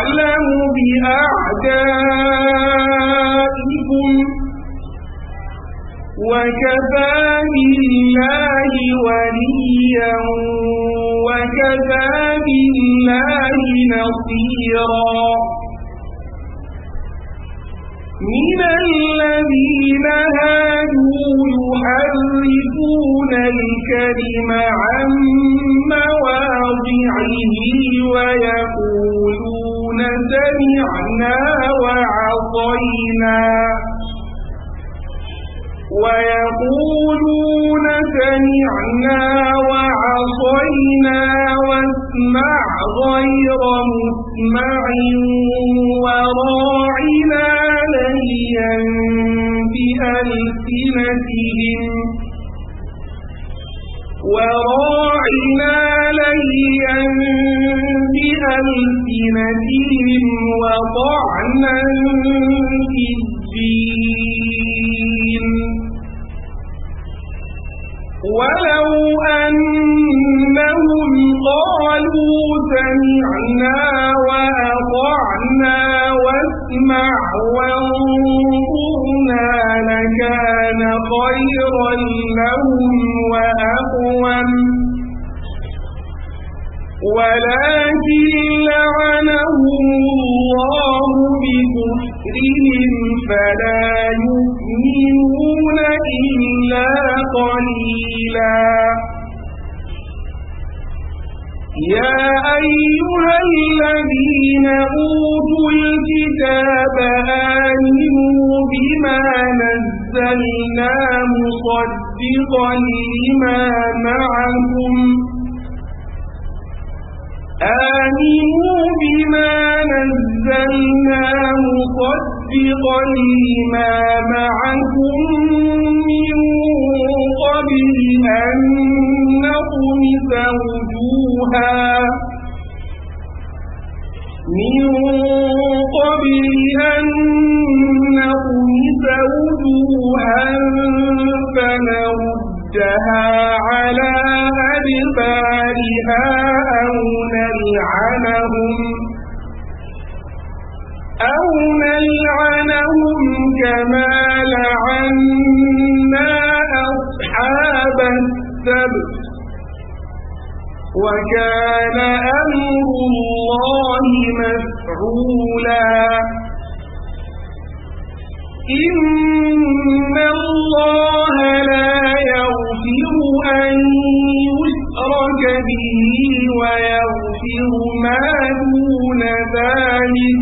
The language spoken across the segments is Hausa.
أعلم بأعدائكم وكفى بالله وليا وكفى بالله نصيرا من الذين هادوا يحرفون الكلم عن مواضعه ويقولون سمعنا وعطينا ويقولون سمعنا وعصينا واسمع غير مسمع وراعنا ليا بألسنتهم وراعنا ليا بألسنتهم وطعنا في الدين ولو أنهم قالوا سمعنا وأطعنا واسمع وانظرنا لكان خيرا لهم وأقوم ولكن لعنهم الله بكفرهم فلا يؤمنون إلا قليلا يا أيها الذين أوتوا الكتاب آمنوا بما نزلنا مصدقا لما معكم آمنوا بما نزلنا مصدقا لما معكم من قبل أن نطمس وجوها من قبل أن نطمس وجوها فنردها على أدبارها أو نلعنهم أو نلعنهم كما لعنا أصحاب السبت وكان أمر الله مفعولا إن الله لا يغفر أن يشرك به ويغفر ما دون ذلك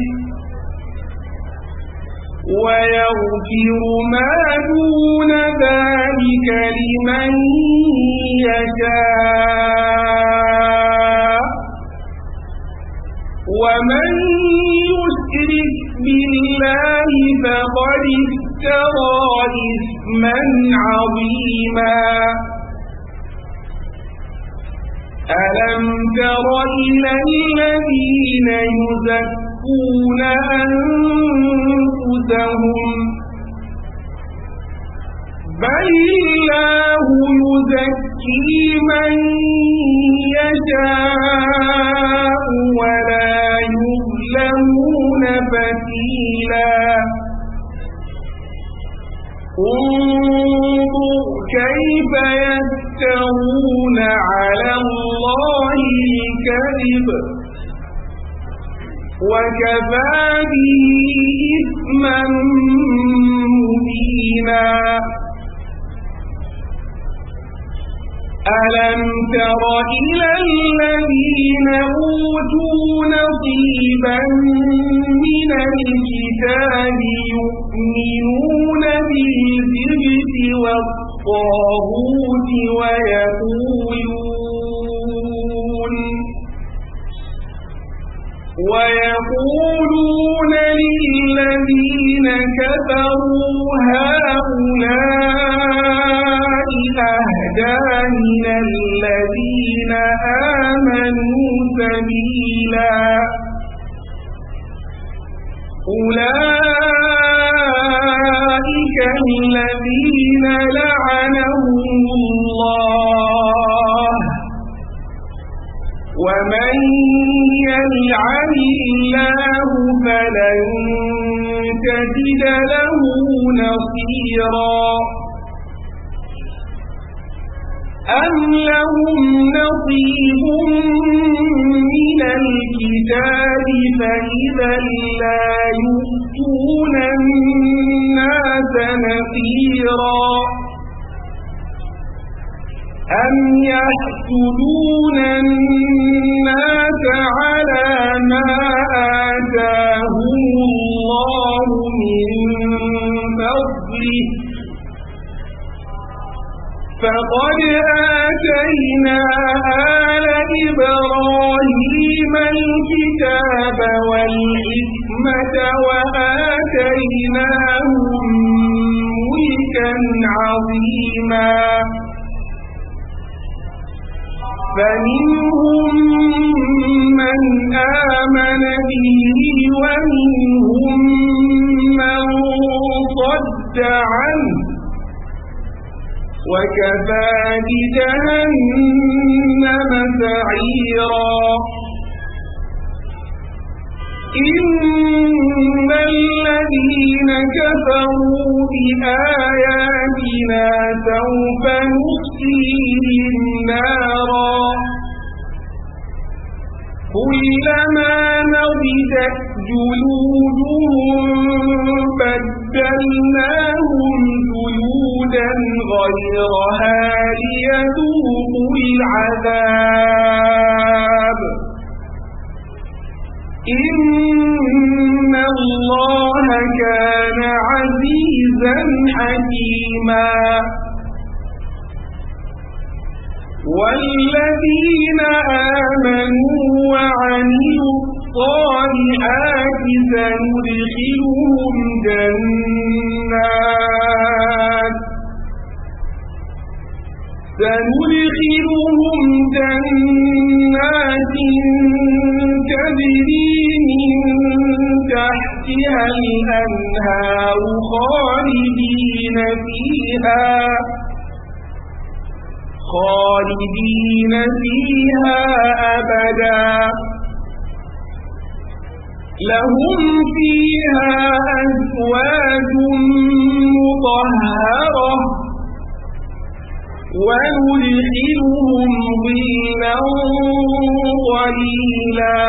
ويغفر ما دون ذلك لمن يشاء ومن يشرك بالله فقد افترى إثما عظيما ألم تر إلى الذين يزكون أنفسهم بل الله يزكي من يشاء ولا يظلمون فتيلا انظر كيف يسترون على الله كذب وكفى به إثما مبينا ألم تر إلى الذين أوتوا نصيبا من الكتاب يؤمنون بالجبت والطاغوت ويقولون ويقولون للذين كفروا هؤلاء أهدى من الذين آمنوا سبيلا أولئك الذين لعنهم يلعن الله فلن تجد له نصيرا أم لهم نصيب من الكتاب فإذا لا يؤتون الناس نصيرا أم يحسدون الناس على ما آتاهم الله من فضله فقد آتينا آل إبراهيم الكتاب والحكمة وآتيناهم ملكا عظيما فمنهم من آمن به ومنهم من صد عنه وكفى بجهنم سعيرا إن الذين كفروا بآياتنا سوف نسقيهم نارا كلما نضجت جلودهم بدلناهم جلودا غيرها ليذوقوا العذاب إن الله كان عزيزا حكيما والذين آمنوا وعملوا الصالحات سندخلهم جنات سندخلهم جنات تجري تحتها الأنهار خالدين فيها خالدين فيها أبدا لهم فيها أزواج مطهرة وندخلهم ظلا ظليلا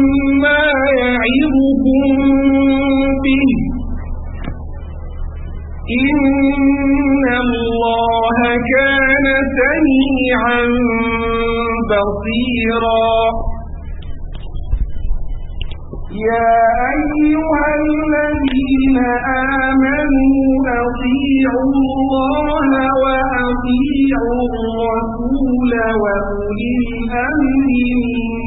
ما يعظكم به إن الله كان سميعا بصيرا يا أيها الذين آمنوا أطيعوا الله وأطيعوا الرسول وأولي الأمر منكم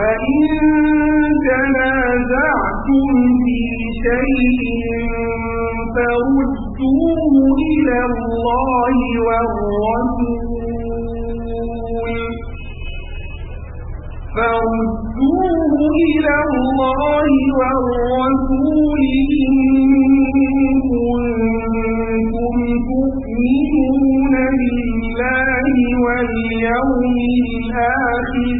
فإن تنازعتم في شيء فردوه إلى الله والرسول فردوه إلى الله والرسول إن كنتم تؤمنون بالله واليوم الآخر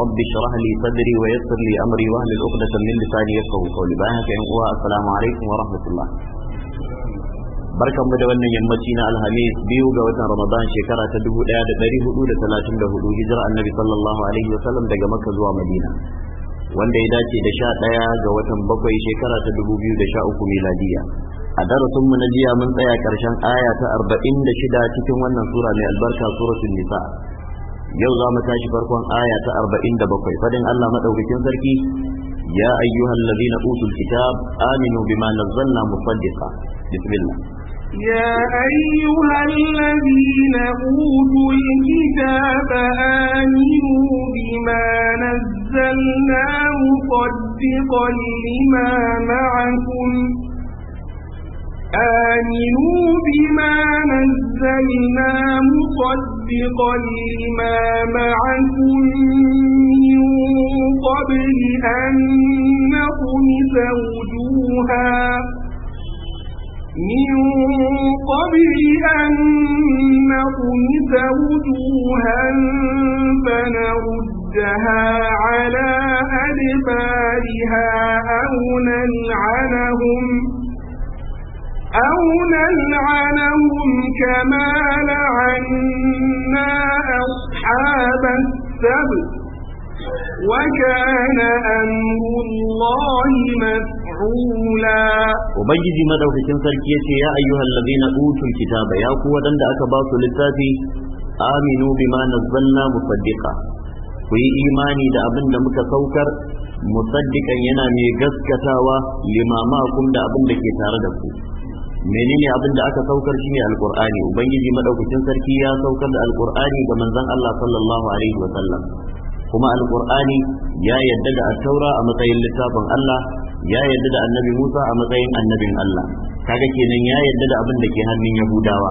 رب اشرح لي صدري ويسر لي امري واهلل عقدة من لساني يفقهوا قولي haka ان uwa السلام alaikum wa الله barkanmu da wannan yammaci na alhamis biyu ga watan ramadan shekara ta 1434 hijira annabi sallallahu alaihi wa sallam, daga makka zuwa madina wanda ya dace da sha ɗaya ga watan bakwai shekara ta dubu biyu da sha uku miladiya a darasin mu na jiya mun tsaya ƙarshen aya ta arba'in da shida cikin wannan sura mai albarka suratul nisa yau za mu tashi farkon aya ta 47 fadin Allah madaukakin sarki ya ayyuhal ladina utul kitab aminu bima nazzalna musaddiqa bismillah يا أيها الذين أوتوا الكتاب آمنوا بما نزلنا مصدقا لما معكم آمنوا بما نزلنا مصدقا لما معكم من قبل أن نطمس وجوها من قبل أن نطمس وجوها فنردها على أدبارها أو نلعنهم أو نلعنهم كما لعنا أصحاب السبت وكان أمر الله مفعولا وبيجي ماذا في تنسركية يا أيها الذين أوتوا الكتاب يا قوة أنك باطل للتاتي آمنوا بما نزلنا مصدقا في إيماني دا أبن abin مصدقا ينامي saukar لما yana mai gaskatawa limama kun da menene abin da aka saukar shi ne alqur'ani ubangiji madaukakin sarki ya saukar da alqur'ani ga manzon Allah sallallahu alaihi wa sallam kuma alqur'ani ya yadda da at-taura a matsayin littafin Allah ya yadda da annabi Musa a matsayin annabin Allah kaga kenan ya yadda da abin da ke hannun Yahudawa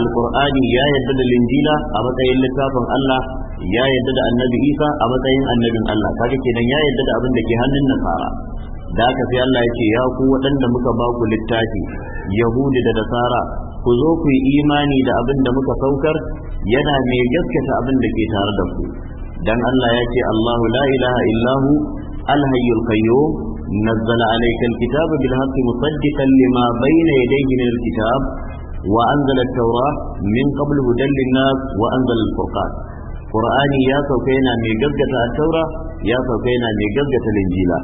alqur'ani ya yadda da linjila a matsayin littafin Allah ya yadda da annabi Isa a matsayin annabin Allah kaga kenan ya yadda da abin da ke hannun Nasara da aka sai Allah yake ya ku waɗanda muka ba ku littafi yahudi da nasara ku zo ku yi imani da abin da muka saukar yana mai gaskata abin da ke tare da ku dan Allah ya ce Allahu la ilaha illahu alhayyul qayyum nazzala alayka alkitaba bil haqqi musaddiqan lima bayna yadayhi min alkitab wa anzala at-taurah min qabl hudan lin wa anzala al-furqan qur'ani ya sauka yana mai gaskata at-taura ya sauka yana mai gaskata linjila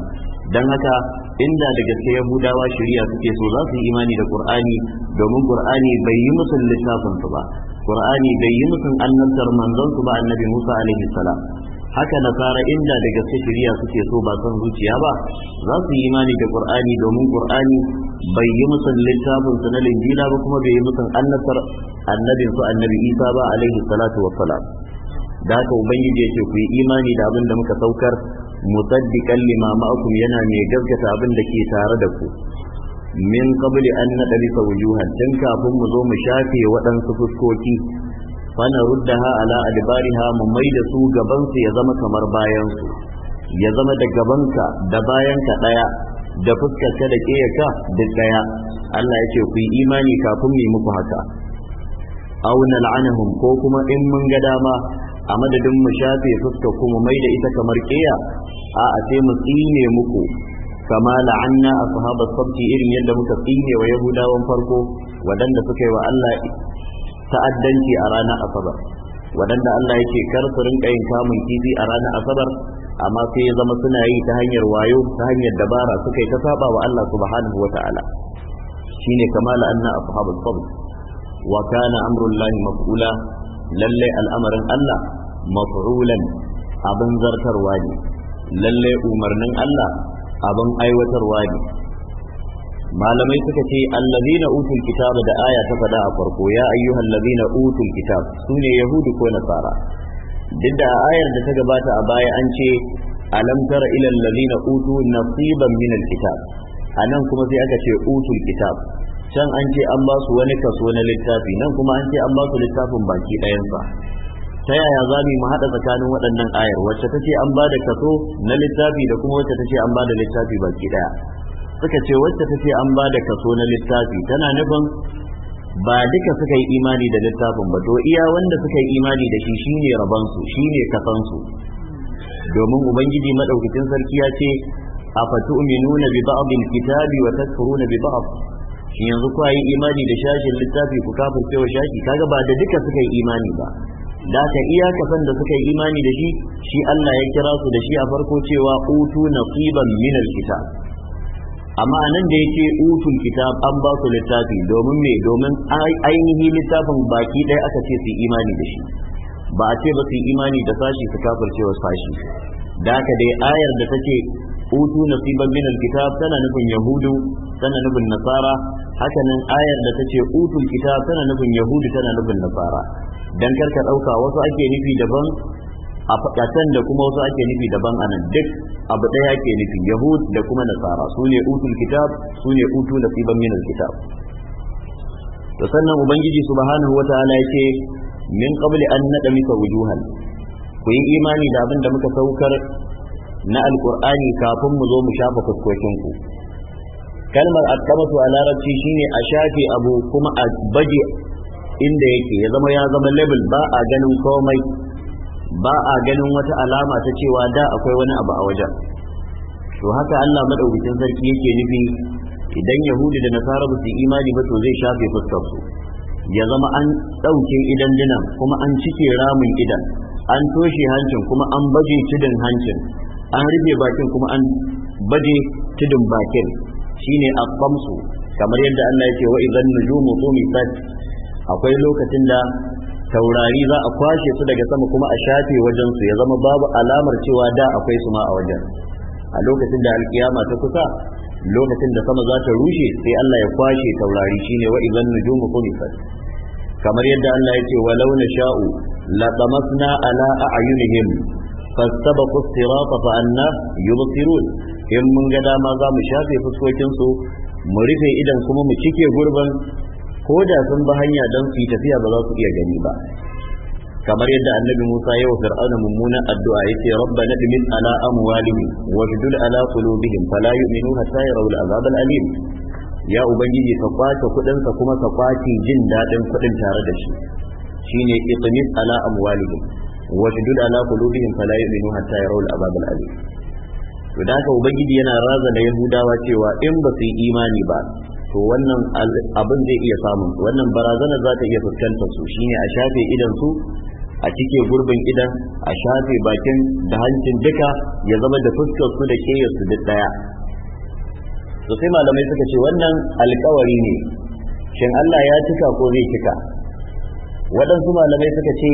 dan haka inda da gaske yahudawa shari'a suke so za su yi imani da qur'ani domin qur'ani bai yi musu littafin su ba qur'ani bai yi musu annabtar manzon su ba annabi Musa alaihi salam haka nasara inda da gaske shari'a suke so ba san zuciya ba za su yi imani da qur'ani domin qur'ani bai yi musu littafin su na linjila ba kuma bai yi musu annabtar annabin su annabi Isa ba alaihi salatu wassalam da haka ubangiji yake ku yi imani da abin da muka saukar musaddiqan lima ma'akum yana mai gaskata abin da ke tare da ku min qabli an nadrisa wujuhan tun kafin mu zo mu shafe waɗansu fuskoki fana ruddaha ala adbariha mu mai da su gaban su ya zama kamar bayan su ya zama da gabanka da bayanka daya da fuskarka da kiyaka duk daya Allah yake ku yi imani kafin mu muku haka aw nal'anahum ko kuma in mun ga dama a madadin mu shafe fuskar ku mu maida ita kamar ƙeya a a sai mu tsine muku kama la'anna ashabas sabti irin yadda muka tsine wa yahudawan farko wadanda suka yi wa Allah ta'addanci a ranar asabar wadanda Allah yake kar su rinka yin kamun kifi a ranar asabar amma sai ya zama suna yi ta hanyar wayo ta hanyar dabara suka yi ta saba wa Allah subhanahu wata'ala shine kama la'anna ashabas sabti wa kana amrullahi maf'ula lallai al'amarin Allah mafrulan abin zartarwa ne lallai umarnin Allah abin aiwatarwa ne malamai suka ce na utul kitab da aya ta faɗa a farko ya ayyuhal ladina utul kitab sune yahudu ko nasara duk da ayar da ta gabata a baya an ce alam tara ila allazina utu nasiban min a nan kuma sai aka ce utul kitab can an ce an ba su wani kaso na littafi nan kuma an ce an ba su littafin baki ɗayansa ta yaya za mu haɗa tsakanin waɗannan ayar wacce ta ce an ba da kaso na littafi da kuma wacce ta ce an ba da littafi baki ɗaya suka ce wacce ta ce an ba da kaso na littafi tana nufin ba duka suka yi imani da littafin ba to iya wanda suka yi imani da shi shine rabansu shine kasansu domin ubangiji madaukakin sarki ya ce afatu'minuna bi ba'd kitabi wa takfuruna bi ba'd yanzu kuwa yi imani da shashin littafi ku kafin cewa shashi kaga ba da duka suka yi imani ba da ka iya kasan da suka yi imani da shi shi Allah ya kira su da shi a farko cewa utu nasiban Minar Kita. amma nan da yake utul kitab an ba su littafi domin me domin ainihi littafin baki ɗaya aka ce su imani da shi ba a ce ba su imani da sashi su kafin cewa sashi da ka dai ayar da take utu nasiban min alkitab tana nufin yahudu tana nufin nasara haka nan ayar da tace utul kitab tana nufin yahudu tana nufin nasara dan karka dauka wasu ake nufi daban a fadatan da kuma wasu ake nufi daban anan duk abu daya ake nufi yahud da kuma nasara su ne utul kitab su ne utu nasiban min alkitab to sannan ubangiji subhanahu wataala yake min qabli an nadamika wujuhan ku yi imani da abin da muka saukar na alkur'ani kafin mu zo mu shafa ku kalmar akamatu a larabci shine a shafe abu kuma a baje inda yake ya zama ya zama label ba a ganin komai ba a ganin wata alama ta cewa da akwai wani abu a wajen to haka Allah madaukakin sarki yake nufi idan yahudi da nasara ba su imani ba to zai shafe fuskar su ya zama an ɗauke idan dinan kuma an cike ramin idan an toshe hancin kuma an baje cidin hancin an rufe bakin kuma an baje tudun bakin shine a afamsu kamar yadda Allah yake wa idan nujumu tumisat akwai lokacin da taurari za a kwashe su daga sama kuma a shafe wajen su ya zama babu alamar cewa da akwai su ma a wajen a lokacin da alkiyama ta kusa lokacin da sama za ta rushe sai Allah ya kwashe taurari shine wa idan nujumu tumisat kamar yadda Allah yake wa launa sha'u la tamasna ala a'yunihim fastabaqu as-sirata fa anna yubsirun in mun ga dama za mu shafe fuskokin mu rufe idan kuma mu cike gurbin ko da sun bi hanya don su yi tafiya ba za su iya gani ba kamar yadda annabi Musa ya wa fir'auna mummunan addu'a yace rabbana bimin ala amwalihim wa bidul ala qulubihim fala yu'minu hatta yarawul azab al-alim ya ubangiji ka kwace kuɗinsa kuma ka kwace jin daɗin kuɗin tare da shi shine itmin ala amwalihim washdud ala qulubihim fala yu'minu hatta yarawul azab al-alim to da haka ubangiji yana raza da yahudawa cewa in ba su yi imani ba to wannan abin zai iya samun su wannan barazanar za ta iya fuskantar su shine a shafe idan su a cike gurbin idan a shafe bakin da hancin duka ya zama da fuskar su da keyar su duk daya to sai malamai suka ce wannan alkawari ne shin Allah ya cika ko zai cika waɗansu malamai suka ce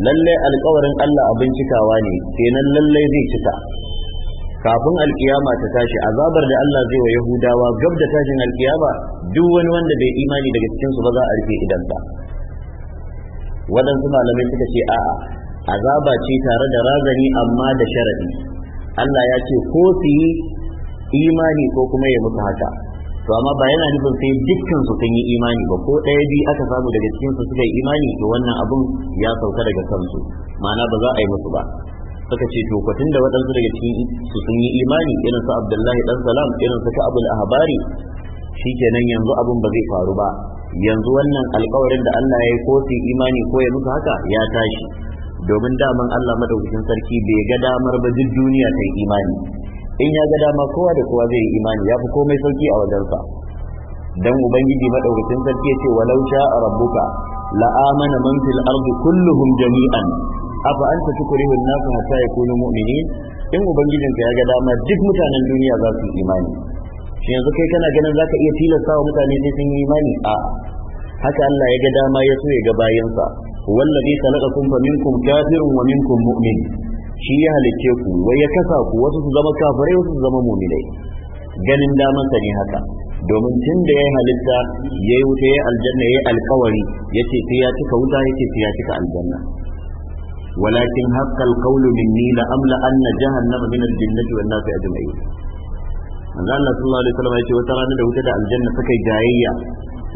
lallai alkawarin Allah abin cikawa ne kenan lallai zai cika kafin alkiyama ta tashi azabar da Allah zai wa Yahudawa gab da tashin alkiyama duk wani wanda bai imani daga cikin su ba za a rufe idan ba waɗansu malamai suka ce a'a azaba ce tare da razani amma da sharadi Allah ya ce ko su yi imani ko kuma ya mutu haka to amma ba yana nufin sai dukkan su sun yi imani ba ko ɗaya biyu aka samu daga cikin su suka yi imani to wannan abun ya sauka daga kansu ma'ana ba za a yi musu ba suka ce to kwatin da waɗansu daga cikin su sun yi imani irin su abdullahi dan salam irin su ka'abul ahbari shikenan yanzu abun ba zai faru ba yanzu wannan alƙawarin da Allah ya yi ko su imani ko ya musu haka ya tashi domin daman Allah madaukakin sarki bai ga damar ba duk duniya ta yi imani in ya ga dama kowa da kowa zai yi imani ya fi komai sauki a wajensa dan ubangiji madaukakin sarki ya ce walau a rabbuka la amana man fil ardi jami'an afa anta tukrihu an-nasa hatta yakunu mu'minin in ubangijinka ya ga dama duk mutanen duniya za su imani shi yanzu kai kana ganin zaka iya tilasta wa mutane sai sun yi imani a haka Allah ya ga dama ya so ya ga bayansa wallazi khalaqakum fa minkum kafirun wa minkum mu'min shi ya halicce ku wai ya kasa ku wasu su zama kafirai wasu su zama muminai ganin damansa ne haka domin tun da ya halitta ya yi wuta ya aljanna ya yi alkawari ya ce sai ya cika wuta ya ce sai ya cika aljanna walakin haqqal qawlu minni la amla anna jahannama min al-jannati wan nasi ajma'in manzo Allah sallallahu alaihi wasallam ya ce wata rana da wuta da aljanna suka jayayya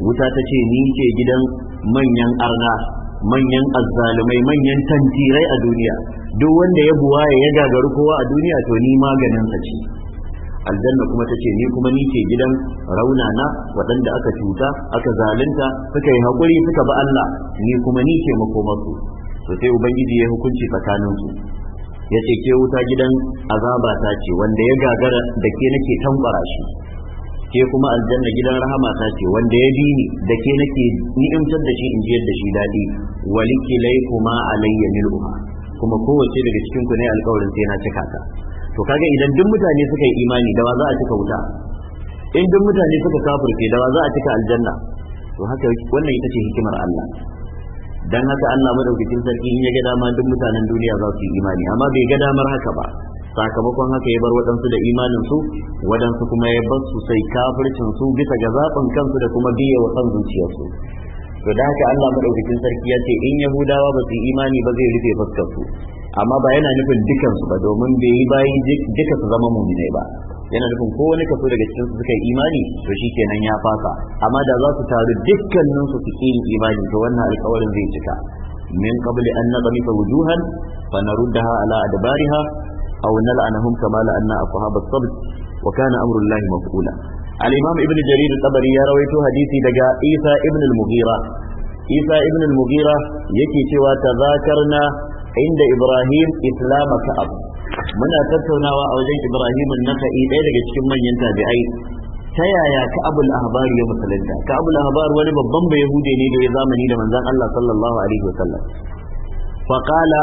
wuta ta ce ni ce gidan manyan arna manyan azzalumai manyan tantirai a duniya duk wanda ya buwa ya gagaru kowa a duniya to ni maganin sa ce aljanna kuma ta ce ni kuma ni ce gidan raunana waɗanda aka cuta aka zalunta suka yi hakuri suka bi Allah ni kuma ni ce makomarsu to sai ubangiji ya hukunci tsakaninsu ya ce ke wuta gidan azaba ta ce wanda ya gagara da ke nake tambara shi ke kuma aljanna gidan rahama ta ce wanda ya bi da ke nake ni'imtar da shi in da shi daɗi waliki lai kuma alayya mil'uha kuma kowace daga cikin ku ne alƙawarin sai na cika ta to kaga idan duk mutane suka yi imani da wa za a cika wuta in duk mutane suka kafirce da wa za a cika aljanna to haka wannan ita ce hikimar Allah dan haka Allah madaukakin sarki in ya ga dama duk mutanen duniya za su yi imani amma bai ga damar haka ba sakamakon haka ya bar waɗansu da imanin su waɗansu kuma ya bar su sai kafircin su bisa ga zaɓin kansu da kuma biye wa kan zuciyarsu to da haka Allah madaukakin sarki ya ce in yahudawa ba su imani ba zai rufe fuskar su amma ba yana nufin dukan su ba domin bai yi bayan duka su zama mu'minai ba yana nufin ko wani kaso daga cikin su suka yi imani to shikenan ya fasa amma da za su taru dukkanin su su yin imani to wannan alƙawarin zai cika min qabli an nadamika wujuhan fa naruddaha ala adbariha aw nal'anahum kama la'anna ashabas sabt wa kana amru llahi maf'ula ibn jarir tabari ya rawaito hadisi daga isa ibn al isa ibn al-mughira yake cewa na inda ibrahim islam ka'ab muna tattaunawa a wajen ibrahim an-nakhai daga cikin manyan tabi'ai ta yaya ka'abul ahbar ya musulunta ka'abul ahbar wani babban bayahude ne da ya zamani da manzon Allah sallallahu alaihi wasallam faqala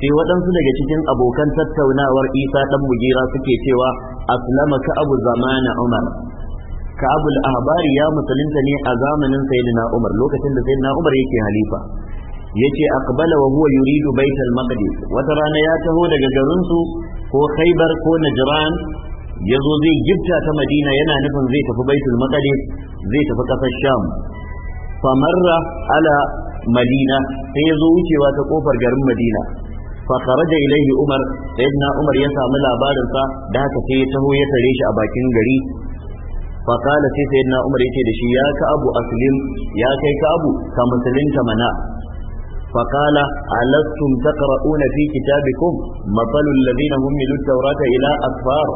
sai waɗansu daga cikin abokan tattaunawar isa ɗan mujira suke cewa aslama ka abu zamana umar ka abu ahbari ya musulunta ne a zamanin sayyidina umar lokacin da sayyidina umar yake halifa yace aqbala wa huwa yuridu baital maqdis wata rana ya taho daga garinsu su ko khaybar ko najran yazo zai gifta ta madina yana nufin zai tafi baitul maqdis zai tafi kasar sham famarra ala madina sai yazo wucewa ta kofar garin madina fa kharaja ilaihi umar sayyidina umar ya samu labarin da haka sai ya taho ya sare shi a bakin gari Fakala kana sai sayyidina umar yace da shi ya ka abu aslim ya kai ka abu ka musulunta mana فقال ألستم تقرؤون في كتابكم مثل الذين هم من التوراة إلى أكفار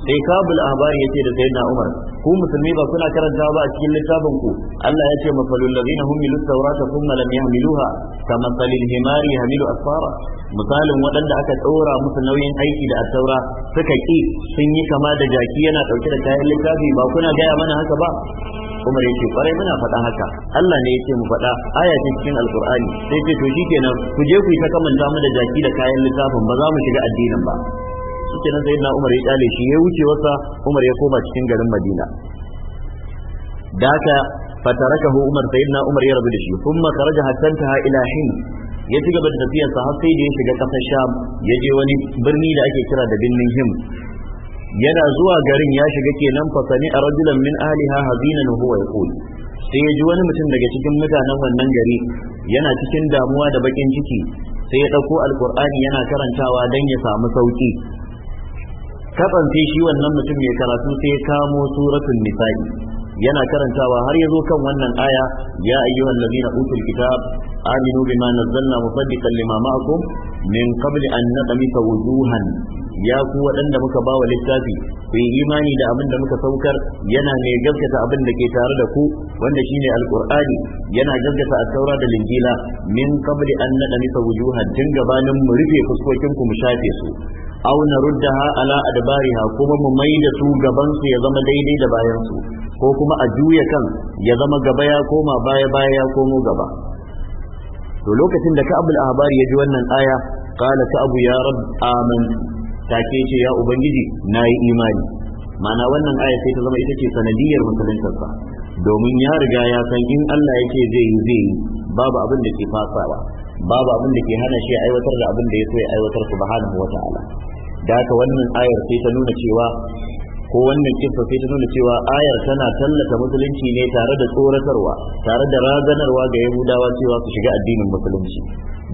da kabul ahbar yace da sayyidina Umar ku musulmi ba kuna karanta ba a cikin littafin ku Allah ya ce mafalul ladina hum milu tawrata thumma lam yahmiluha kamathalil himari hamilu asfara misalin waɗanda aka ɗora musu nauyin aiki da attaura suka ki sun yi kama da jaki yana ɗauke da kayan littafi ba kuna gaya mana haka ba Umar ce, kwarai muna faɗa haka Allah ne yace mu faɗa aya ce cikin alqur'ani sai ce to shikenan ku je ku yi ta kamanta mu da jaki da kayan littafin ba za mu shiga addinin ba nan sai na Umar ya kyale shi ya wuce wasa Umar ya koma cikin garin Madina daka fatarakahu Umar na Umar ya rabu da shi kuma karaja ha ila hin ya ci gaba da tafiyar sa har sai da ya shiga kasar Sham ya je wani birni da ake kira da birnin Him yana zuwa garin ya shiga kenan fa sani rajulan min ahliha hazinan huwa yaqul sai ya ji wani mutum daga cikin mutanen wannan gari yana cikin damuwa da bakin ciki sai ya ɗauko alkur'ani yana karantawa don ya samu sauki katsan sai shi wannan mutum mai karatu sai kamo suratul nisa'i yana karantawa har ya zo kan wannan aya ya ayyuhal ladina utul kitab aminu bima nazzalna musaddiqan lima ma'akum min qabli an naqmisa wujuhan ya ku waɗanda muka bawa littafi ku imani da abin muka saukar yana mai gaskata abin da ke tare da ku wanda shine alqur'ani yana gaskata at-taura da linjila min qabli an naqmisa wujuhan tun gabanin mu rufe fuskokin ku mu shafe su aw naruddaha ala adbariha kuma mu maida su gaban su ya zama daidai da bayan su ko kuma a juya kan ya zama gaba ya koma baya baya ya komo gaba to lokacin da ka'abul ahbari ya ji wannan aya qala abu ya rab amantu take ce ya ubangiji nayi imani mana wannan aya sai ta zama ita ce sanadiyar sa domin ya riga ya san in Allah yake zai yi zai yi babu abin da ke fasawa babu abin da ke hana shi aiwatar da abin da ya so ya aiwatar subhanahu wata'ala da haka wannan ayar sai ta nuna cewa ko wannan sai ta nuna cewa ayar tana tallata musulunci ne tare da tsoratarwa tare da raganarwa ga yahudawa cewa su shiga addinin musulunci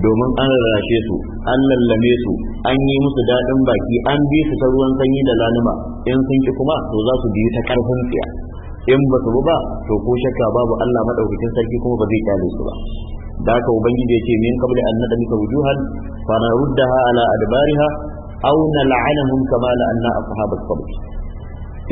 domin an rarrashe su an lallame su an yi musu daɗin baki an bi su ta ruwan sanyi da lanuma in sun ki kuma to za su biyu ta ƙarfin tsiya in ba su ba to ko shakka babu Allah maɗaukacin sarki kuma ba zai kyale su ba da haka ubangiji ya ce min kabli an nadalika wujuhan fa naruddaha ala adbariha aw nal'anahum kama la'anna ashabas qabr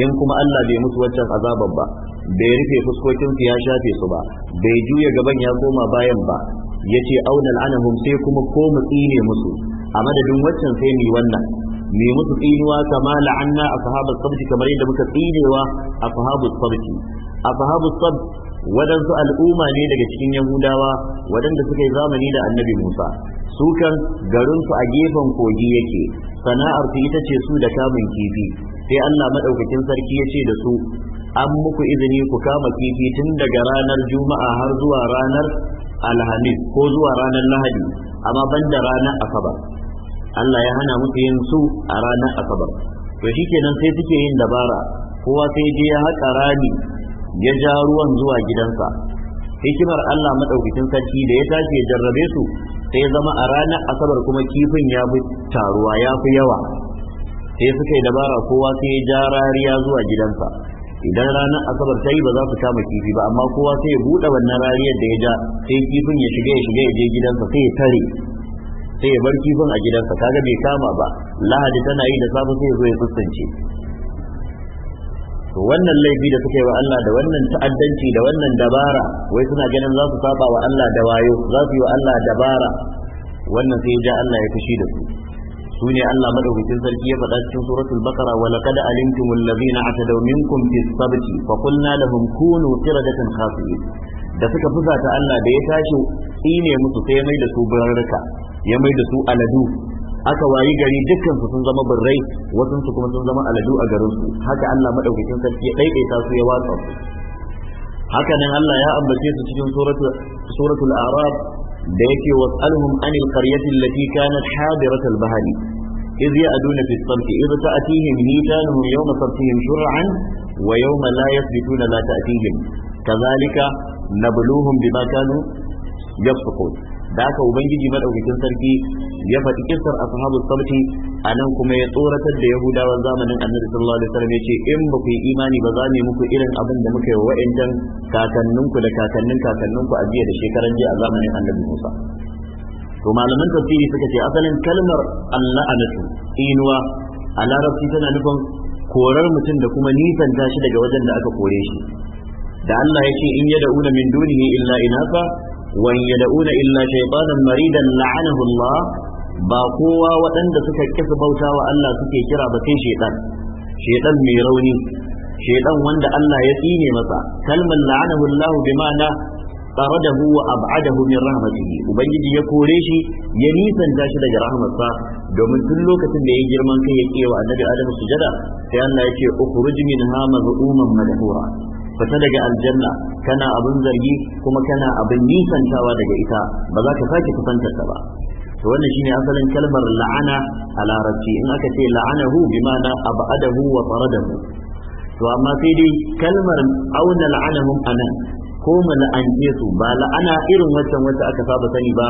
in kuma Allah bai musu waccan azabar ba bai rufe fuskokin ya shafe su ba bai juya gaban ya koma bayan ba yace aw nal'anahum sai kuma koma mu tsine musu a madadin wancan sai mu wannan mai musu tsinuwa kama la'anna kamar yadda muka tsinewa waɗansu al'umma ne daga cikin yahudawa waɗanda suka yi zamani da annabi musa su kan garinsu a gefen kogi yake sana'ar su ita ce su da kamun kifi sai allah maɗaukakin sarki ya ce da su an muku izini ku kama kifi tun daga ranar juma'a har zuwa ranar alhamis ko zuwa ranar lahadi amma ban da ranar asabar allah ya hana musu yin su a ranar asabar to kenan sai suke yin dabara kowa sai je ya haƙa rani. ya ja ruwan zuwa gidansa hikimar Allah madaukakin sarki da ya tashi ya jarrabe su sai ya zama a ranar asabar kuma kifin ya fi taruwa ya fi yawa sai suka yi dabara kowa sai ya ja rariya zuwa gidansa idan ranar asabar ta yi ba za su kama kifi ba amma kowa sai ya buɗe wannan rariyar da ya ja sai kifin ya shiga ya shiga ya je gidansa sai ya tare sai ya bar kifin a gidansa kaga bai kama ba lahadi tana yi da safe sai ya zo ya kusance to wannan laifi da suka yi wa Allah da wannan ta'addanci da wannan dabara wai suna ganin za su saba wa Allah da wayo za su yi wa Allah dabara wannan sai ja Allah ya fushi da su su ne Allah madaukakin sarki ya faɗa cikin suratul baqara wa laqad alimtum alladhina atadaw minkum fi sabti fa qulna lahum kunu qiradatan khasi'in da suka fusata Allah da ya tashi tsine musu sai mai da su burarruka ya mai da su aladu aka wayi gari dukkan su sun zama birrai wasu su kuma sun zama aladu a garin su haka Allah madaukakin sarki ya daidaita su ya watsa su haka nan Allah ya ambace su cikin suratul suratul a'raf da yake wasalhum anil qaryati allati kanat hadirat al-bahri إذ يأدون في الصمت إذ تأتيهم ميتانهم يوم صمتهم شرعا ويوم لا يثبتون لا تأتيهم كذلك نبلوهم بما كانوا يفسقون da haka ubangiji madaukakin sarki ya faɗi kisar ashabu sabti a nan kuma ya tsoratar da yahudawan zamanin annabi sallallahu alaihi wasallam yace in ba ku yi imani ba za mu muku irin abin da muka yi wa wa'ancan kakanninku da kakannin kakanninku a jiya da shekaran jiya a zamanin annabi Musa to malaman tafsiri suka ce asalin kalmar alla'anatu inuwa a larabci tana nufin korar mutum da kuma nisanta shi daga wajen da aka kore shi da Allah ya ce in yad'una min dunihi illa inasa wan yad'una illa shaytanan maridan la'anahu Allah ba kowa waɗanda suka kisa bauta wa Allah suke kira ba sai shaytan shaytan mai rauni shaytan wanda Allah ya tsine masa kalman la'anahu Allah bi ma'ana taradahu wa ab'adahu min rahmatihi ubangiji ya kore shi ya nisanta shi daga rahmatsa domin tun lokacin da ya girman kai ya kewa annabi adamu sujada sai Allah ya ce ukhruj minha mazmuman madhura fita daga aljanna kana abin zargi kuma kana abin nisantawa daga ita ba za ka sake kusantarta ba to wannan shine asalin kalmar la'ana a larabci in aka ce la'anahu bi ma'ana ab'adahu wa faradahu to amma sai dai kalmar auna la'anahum anan ko mu la'ance su ba la'ana irin wancan wacce aka saba sani ba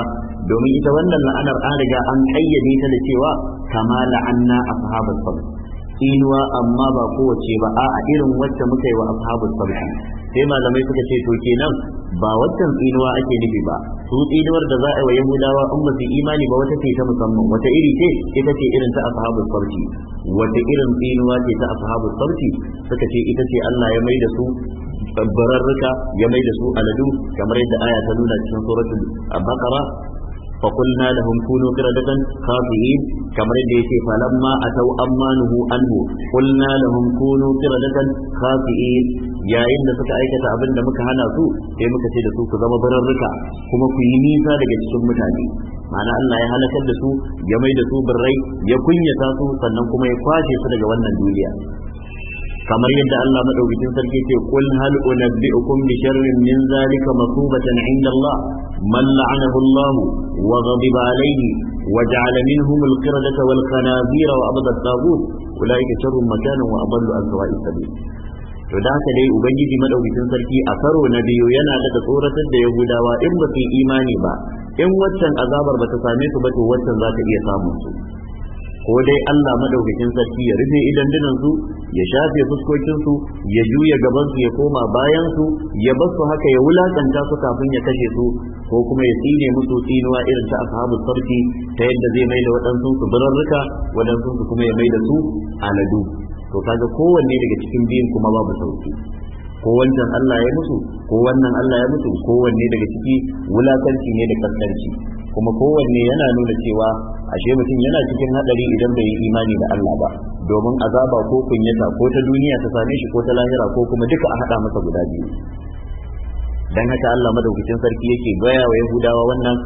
domin ita wannan la'anar an riga an kayyade ta da cewa kama la'anna ashabul qabr tsinuwa amma ba kowace ba a irin wacce muka yi wa ashabul sabti sai malamai suka ce to kenan ba waccan tsinuwa ake nufi ba su tsinuwar da za a yi wa yahudawa in ba su imani ba wata ce ta musamman wata iri ce ita ce irin ta ashabul sabti wata irin tsinuwa ce ta ashabul sabti suka ce ita ce Allah ya mai da su bararruka ya mai da su aladu kamar yadda aya ta nuna cikin suratul baqara fa qulna lahum kunu qiradatan khasi'in kamar da yake falamma atau ammanuhu anhu qulna lahum kunu qiradatan khasi'in yayin da suka aikata abin da muka hana su sai muka ce da su ku zama bararruka kuma ku yi nisa daga cikin mutane ma'ana Allah ya halakar da su ya mai da su birrai ya kunyata su sannan kuma ya kwashe su daga wannan duniya kamar yadda Allah madaukakin sarki ce kul hal unabbiukum bi sharrin min zalika masubatan inda Allah من لعنه الله وغضب عليه وجعل منهم القردة والخنازير وأبد الطاغوت أولئك شر مكانا وأضل عن سواء السبيل to da haka dai ubangiji madaukakin sarki a karo na biyu yana daga tsoratar da yahudawa in ba su imani ba in waccan azabar ba ta same su ba to waccan za ta iya samun su ko dai Allah madaukakin sarki ya rufe idan su ya shafe fuskokin su ya juya gaban su ya koma bayan su ya bar su haka ya wulakanta su kafin ya kashe su ko kuma ya tsine musu tsinuwa irin ta ashabu sarki ta yadda zai maida waɗansu su birarruka waɗansu su kuma ya maida su aladu to kaga kowanne daga cikin biyun kuma babu sauki ko wancan Allah ya mutu ko wannan Allah ya mutu ko wanne daga ciki wulakanci ne da kaskanci kuma kowanne yana nuna cewa ashe mutum yana cikin hadari idan bai yi imani da Allah ba domin azaba ko kunyata ko ta duniya ta same shi ko ta lahira ko kuma duka a hada masa guda biyu dan haka Allah madaukakin sarki yake gaya wa Yahudawa wannan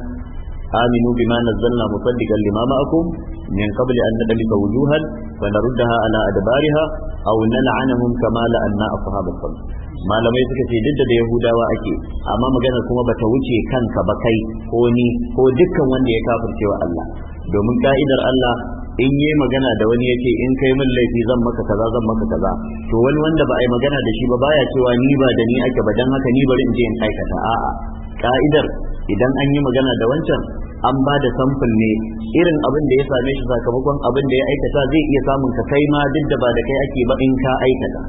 aminu bima nazzalna musaddiqan lima ma'akum min qabli an nadlika wujuhan fa naruddaha ala adbariha aw nal'anahum kama la'anna ashabas malamai suka ce duk da yahudawa ake amma magana kuma bata wuce kanka ba kai ko ni ko dukkan wanda ya kafircewa Allah domin ka'idar Allah in yi magana da wani yace in kai min laifi zan maka kaza zan maka kaza to wani wanda ba a yi magana da shi ba baya cewa ni ba da ni ake ba dan haka ni bari in je in aikata a'a ka'idar idan an yi magana da wancan an ba da samfin ne irin abin da ya same shi sakamakon abin da ya aikata zai iya samun ka kai ma duk da ba da kai ake ba in ka aikata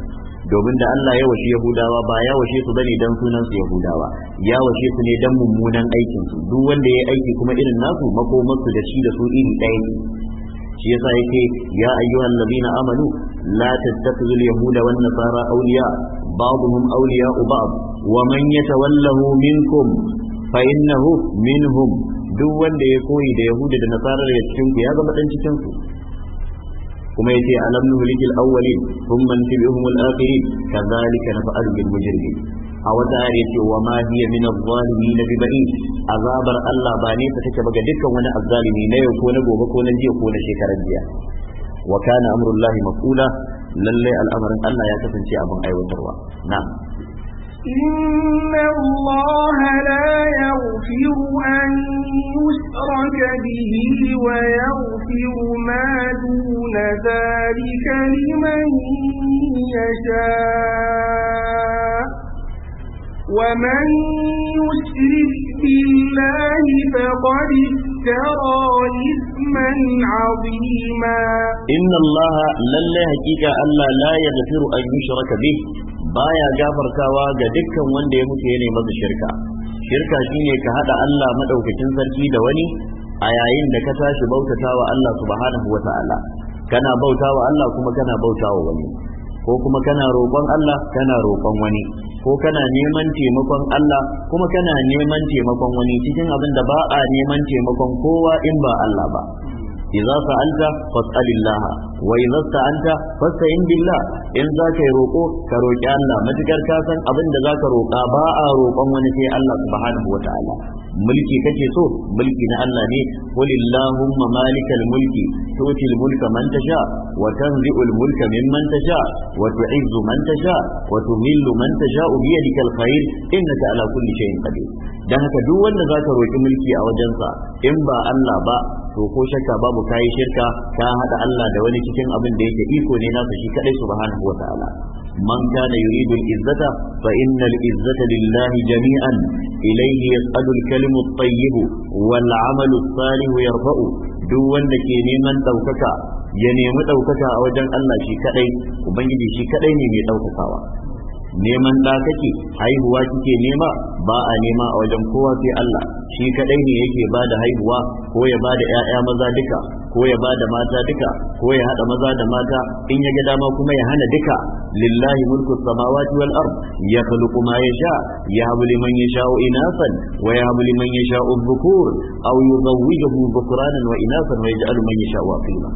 domin da Allah ya washe Yahudawa ba ya washe su bane dan sunan su Yahudawa ya washe su ne dan mummunan aikin su duk wanda ya aiki kuma irin nasu makomarsu su da shi da su iri ɗaya ne shi yasa yake ya ayyuhal ladina amanu la tattakhidhu al yahuda wan nasara awliya ba'dhum awliya ba'd wa man yatawallahu minkum fa innahu minhum duk wanda ya koyi da yahuda da nasara da cikin ku ya zama dan cikin kuma yace alam nuhlikil awwalin thumma nutbihum al-akhirin kadhalika naf'alu bil mujrimin a wata ayar yace wa ma hiya min adh-dhalimin bi ba'id azabar Allah ba ne ta take ba ga dukkan wani azzalimi na yau ko na gobe ko na jiya ko na shekarar jiya wa kana amrullahi Masula, lallai al'amarin Allah ya kasance abin aiwatarwa na'am إن الله لا يغفر أن يُشْرَكَ به ويغفر ما دون ذلك لمن يشاء ومن يشرك بالله فقد افترى إثما عظيما إن الله لله حقيقة ألا لا يغفر أن يشرك به baya gafarkawa ga dukkan wanda ya mutu ya yana masa shirka shirka shine ka haɗa Allah madaukakin sarki da wani a yayin da ka tashi bautatawa Allah subhanahu wataala kana bautawa Allah kuma kana bautawa wani ko kuma kana roƙon Allah kana roƙon wani ko kana neman taimakon Allah kuma kana neman taimakon wani cikin abin da ba a neman taimakon kowa in ba Allah ba idza sa'alta fas'alillah wa idza sta'anta fasta'in billah in zaka yi roko ka roƙi Allah matukar ka san abin da zaka roka ba a roƙon wani sai Allah subhanahu wataala mulki kake so mulki na Allah ne qulillahumma malikal mulki tutil mulka man tasha wa tanzi'ul mulka mimman tasha wa tu'izzu man tasha wa tumillu man tasha bi yadikal khair innaka ala kulli shay'in qadir dan haka duk wanda zaka roki mulki a wajensa in ba Allah ba to ko shakka babu kayi shirka ka hada Allah da wani cikin abin da yake iko ne nasa shi kadai subhanahu wa ta'ala man kana yuridu al-izzata fa innal izzata lillahi jami'an ilayhi yas'adu al-kalimu at-tayyib wal 'amalu as-salih yarfa'u duk wanda ke neman daukaka ya nemi daukaka a wajen Allah shi kadai ubangiji shi kadai ne mai daukakawa neman da kake haihuwa kike nema ba a nema a wajen kowa sai Allah shi kadai ne yake ba da haihuwa ko ya ba da 'ya'ya maza duka ko ya ba da mata duka ko ya haɗa maza da mata in ya ga dama kuma ya hana duka lillahi mulku samawati wal ard ya khluqu ma yasha ya habu liman wa inasan wa ya habu liman yasha dhukur aw yuzawwijuhum dhukranan wa inasan wa yaj'alu man yasha'u aqima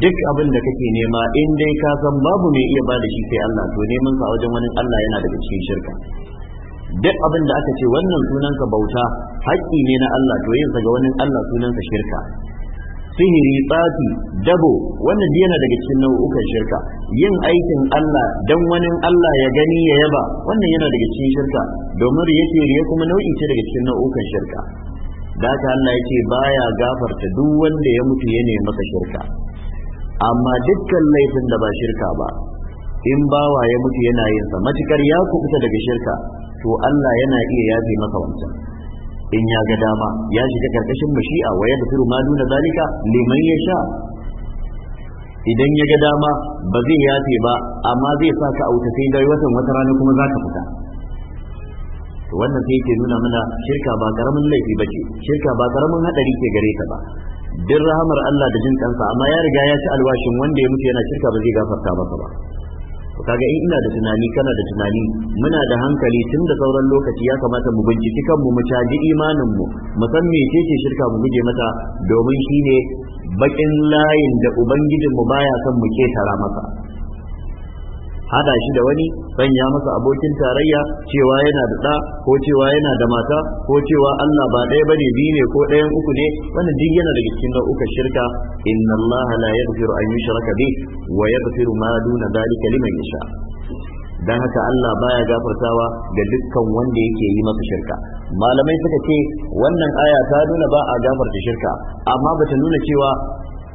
duk abin da kake nema in dai ka san babu mai iya ba da shi sai Allah to neman sa wajen wani Allah yana daga cikin shirka duk abin da aka ce wannan sunansa bauta haƙƙi ne na Allah to yin sa ga wani Allah sunansa shirka sihiri tsafi dabo wannan duk yana daga cikin nau'ukan shirka yin aikin Allah dan wani Allah ya gani ya yaba wannan yana daga cikin shirka domin riya kuma nau'i ce daga cikin nau'ukan shirka da ta Allah yake baya gafarta duk wanda ya mutu ya nemi masa shirka amma dukkan laifin da ba shirka ba in bawa ya mutu yana yin sa matukar ya kubuta daga shirka to Allah yana iya yafe maka wancan in ya ga dama ya shiga karkashin mashi'a wa da dafiru ma duna zalika liman ya sha idan ya ga dama ba zai yafe ba amma zai sa ka auta sai dai watan wata rana kuma za ka fita to wannan sai yake nuna mana shirka ba karamin laifi bace shirka ba karamin hadari ke gare ka ba bin rahamar Allah da jin kansa amma ya riga ya ci alwashin wanda ya mutu yana shirka ba zai gafarta masa ba kaga in ina da tunani kana da tunani muna da hankali tun da sauran lokaci ya kamata mu binciki kanmu mu caji imanin mu mu san mecece shirka mu guje mata domin shine bakin layin da ubangijin mu baya son mu ketara masa hada shi da wani sanya masa abokin tarayya cewa yana da ɗa ko cewa yana da mata ko cewa Allah ba ɗaya bane biyu ne ko ɗayan uku ne wannan duk yana daga cikin nau'ukan shirka inna Allah la yaghfiru an yushraka bi wa yaghfiru ma duna dhalika liman yasha dan haka Allah baya gafartawa ga dukkan wanda yake yi masa shirka malamai suka ce wannan aya ta nuna ba a gafarta shirka amma bata nuna cewa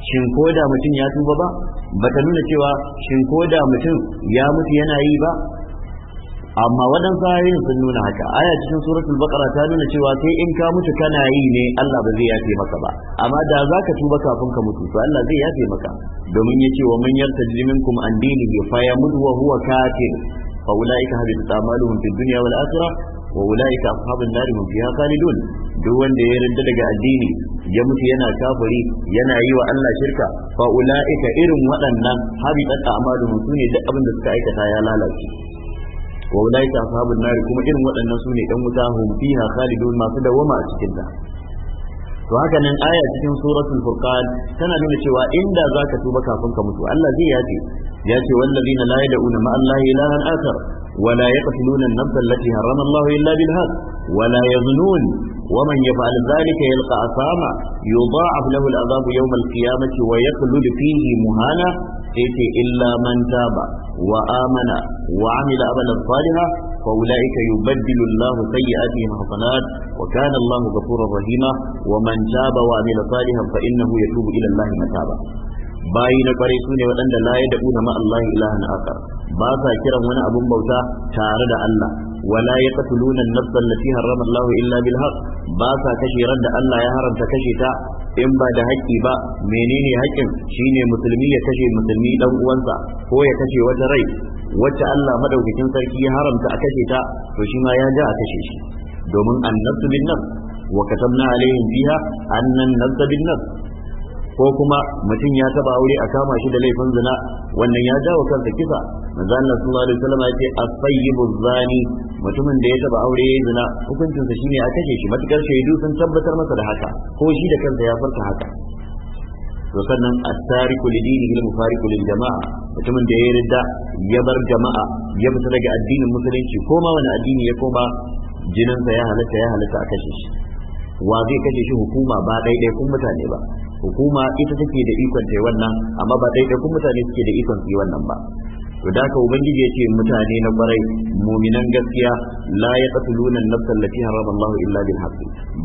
shin ko da mutum ya tuba ba ba ta nuna cewa shin ko da mutum ya mutu yana yi ba amma waɗansu ayoyin sun nuna haka aya cikin suratul baqara ta nuna cewa sai in ka mutu kana yi ne Allah ba zai yafe maka ba amma da za ka tuba kafin ka mutu to Allah zai yafe maka domin ya ce wa man yartaji minkum an dinihi fa yamut wa huwa kafir fa ulaika habitat a'maluhum fid dunya wal akhirah wa ulaika ashabun nar hum fiha khalidun duk wanda ya yarda daga addini ya mutu yana kafiri yana yi wa Allah shirka fa ulaika irin waɗannan habitat a'maluhum sune duk abin da suka aikata ya lalace wa ulaika ashabun nar kuma irin waɗannan sune ɗan wuta hum fiha khalidun masu dawama a cikin ta to haka nan aya cikin suratul furqan tana nuna cewa inda zaka tuba kafin ka mutu Allah zai yafe ya ce wallazina la yad'una ma Allah ilahan akhar wa la yaqtuluna an-nafs allati harrama Allah illa bil haqq wa la yaznun wa man yaf'al dhalika yalqa asama yudha'af lahu al-'adhab yawm al-qiyamati wa yakhlud fihi muhana yace illa man taba wa amana wa amila amalan salihan فأولئك يبدل الله سيئاتهم حسنات وكان الله غفورا رحيما ومن تاب وعمل صالحا فإنه يتوب إلى الله متابا bayi na kwarai sune waɗanda la da ma Allah ilahan akhar ba sa kiran wani abun bauta tare da Allah wala yaqtuluna an-nafs allati harrama Allah illa bil haqq ba sa kashe ran da Allah ya haramta kashe ta in ba da haƙƙi ba menene haƙƙin shine musulmi ya kashe musulmi dan uwansa ko ya kashe wata rai wacce Allah madaukakin sarki ya haramta a kashe ta to shi ma ya ja a kashe shi domin annabtu bin nas, wa katabna alaihim fiha annan nabta bin nas. ko kuma mutum ya taba aure a kama shi da laifin zina wannan ya jawo kansa kisa manzo Allah sallallahu alaihi wasallam ce as-sayyibu zani mutumin da ya taba aure ya zina hukuncin sa shine a kashe shi matukar shaidu sun tabbatar masa da haka ko shi da kansa ya farka haka to sannan at-tariku li dinihi al-mufariqu lil jama'a mutumin da ya ridda ya bar jama'a ya fita daga addinin musulunci ko ma wani addini ya koma jininsa ya halatta ya halatta a kashe shi wa zai kashe shi hukuma ba daidai kun mutane ba hukuma ita take da ikon ta wannan amma ba dai kun mutane suke da ikon su wannan ba to da ka ubangiji ya ce mutane na kwarai muminan gaskiya la ya qatuluna an-nafs allati Allah illa bil haqq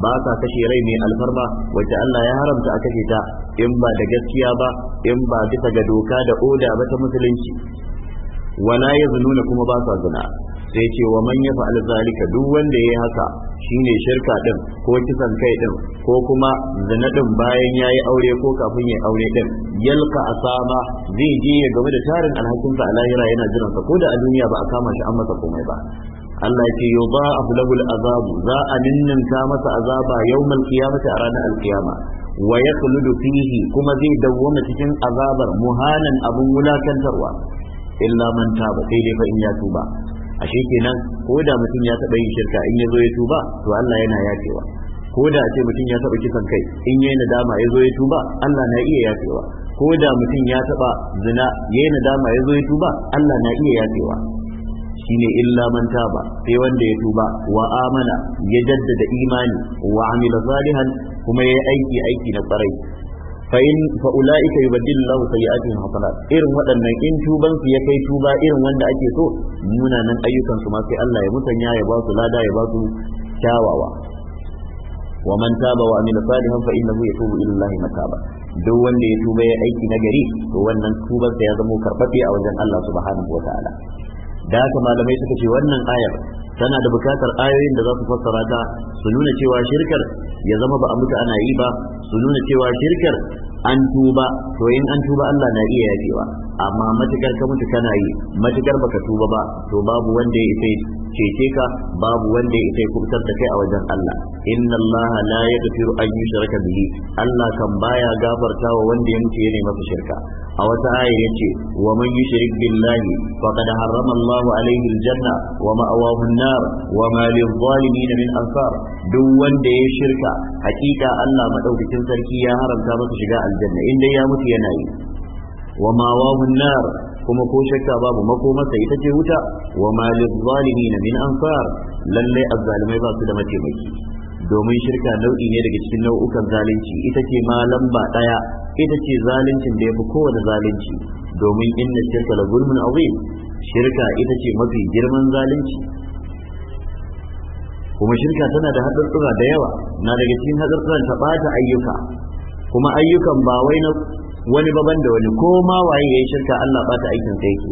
ba ta kashe rai mai alfarma wacce Allah ya haramta a kashe ta in ba da gaskiya ba in ba bisa ga doka da oda ba ta musulunci wala yazununa kuma ba sa zina sai ce wa man yafa alzalika duk wanda yayi haka shine shirka din ko kisan kai din ko kuma zina din bayan yayi aure ko kafin yayi aure din yalka asama zai je ya game da tarin alhakin sa a lahira yana jiran sa ko da a duniya ba a kama shi an masa komai ba Allah yake yudha'af lahu al'azab za a ninninka masa azaba yawmal qiyamati a ranar alkiyama wa yakhludu fihi kuma zai dawwama cikin azabar muhanan abun wulakantarwa illa man taba sai dai fa in ya tuba ashe kenan ko da mutum ya taɓa yin shirka in ya zo ya tuba to Allah yana yafewa ko da ce mutum ya taba kisan kai in yayi nadama ya zo ya tuba Allah na iya yafewa ko da mutum ya taɓa zina yayi nadama ya zo ya tuba Allah na iya yafewa shine illa man taba sai wanda ya tuba wa amana ya jaddada imani wa amila salihan kuma yayi aiki aiki na tsarai. fa in fa ulaika yubaddilu Allahu sayi'atihim hasanat irin waɗannan in tuban su ya kai tuba irin wanda ake so munanan ayyukan su sai Allah ya mutanya ya ba su lada ya ba su kyawawa wa man taba wa amila salihan fa innahu yatubu ila Allahi mataba duk wanda ya tuba ya aiki nagari to wannan tubar sa ya zama karfafe a wajen Allah subhanahu wataala da haka malamai suka ce wannan ayar tana da bukatar ayoyin da za su fassara ta su nuna cewa shirkar ya zama ba a mutu ana yi ba su nuna cewa shirkar an tuba to in an tuba Allah na iya yafewa amma matukar ka mutu kana yi matukar baka tuba ba to babu wanda ya isa cece ka babu wanda ya isa kubutar da kai a wajen Allah inna Allah la yaghfiru an yushraka bihi Allah kan baya gafarta wa wanda ya mutu yana masa shirka a wata aya yace wa man yushrik billahi faqad harrama Allah alayhi aljanna wa ma'awahu an-nar wa ma lil-zalimin min ansar duk wanda ya shirka hakika Allah madaukakin sarki ya haramta masa shiga aljanna inda ya mutu yana yi wa mawahun nar kuma ko shakka babu makomarsa ita ce wuta wa malil na min ansar lallai azzalimai ba su da mataimaki domin shirka nau'i ne daga cikin nau'ukan zalunci ita ce ma lamba daya ita ce zaluncin da ya fi kowane zalunci domin inna shirka la zulmun azim shirka ita ce mafi girman zalunci kuma shirka tana da haɗarɗura da yawa na daga cikin haɗarɗuran ta ɓata ayyuka kuma ayyukan ba wai na wani baban da wani ko ma waye yi shirka Allah ba ta aikin sa yake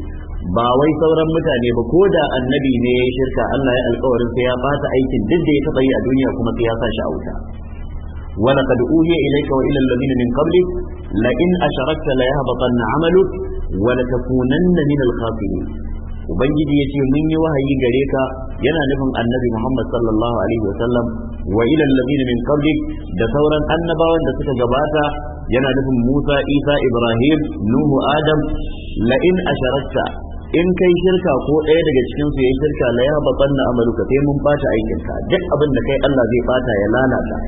ba wai sauran mutane ba ko da annabi ne yayi shirka Allah ya alƙawarin sai ya ba ta aikin duk da ya taɓa yi a duniya kuma sai ya sa shi a wuta ولقد أوحي إليك وإلى الذين من قبلك لئن أشركت ليهبطن عملك ولتكونن من الخاسرين ubangiji ya ce mun yi wahayi gare ka yana nufin annabi muhammad sallallahu alaihi wa sallam wa ila allazina min qablik da sauran annabawan da suka gabata yana nufin musa isa ibrahim nuhu adam la in asharakta in kai shirka ko ɗaya daga cikin su yayi shirka la ya babanna amaluka sai mun bata aikin ka duk abin da kai Allah zai bata ya lalata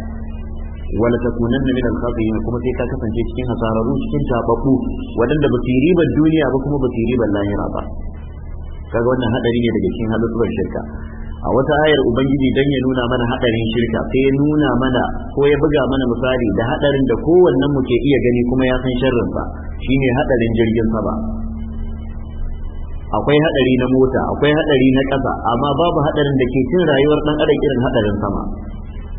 wala takunanna min al-khasirin kuma sai ka kasance cikin hasararru cikin tababu wadanda ba su ribar duniya ba kuma ba su ribar lahira ba kaga wannan hadari ne daga cikin halusuwar shirka a wata ayar ubangiji dan ya nuna mana hadarin shirka sai ya nuna mana ko ya buga mana misali da hadarin da kowannen mu ke iya gani kuma ya san sharrin sa shine hadarin jirgin sama akwai hadari na mota akwai hadari na ƙasa amma babu hadarin da ke cin rayuwar dan adam irin hadarin sama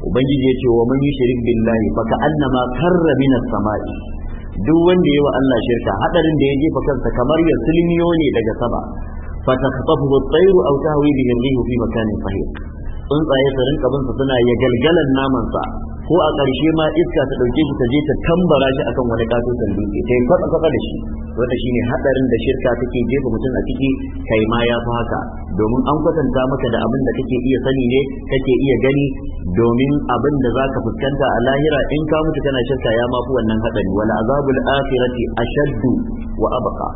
ubangiji ya ce wa man yushrik billahi fa ka'annama karra min samai duk wanda yayi wa Allah shirka hadarin da ya jefa kansa kamar ya sulmiyo ne daga sama فتخطفه الطير أو تهوي به الريح في مكان صحيح tsuntsaye su rinka bin suna ya galgalan namansa ko a ƙarshe ma iska ta ɗauke shi ta je ta tambara shi akan wani katotan dutse ta yi kwatsa kwatsa da shi wanda shine hadarin da shirka take jefa mutum a ciki kai ma ya fi haka domin an kwatanta maka da abin da kake iya sani ne kake iya gani domin abin da zaka fuskanta a lahira in ka mutu kana shirka ya mafi wannan hadari wala azabul akhirati ashaddu wa abqa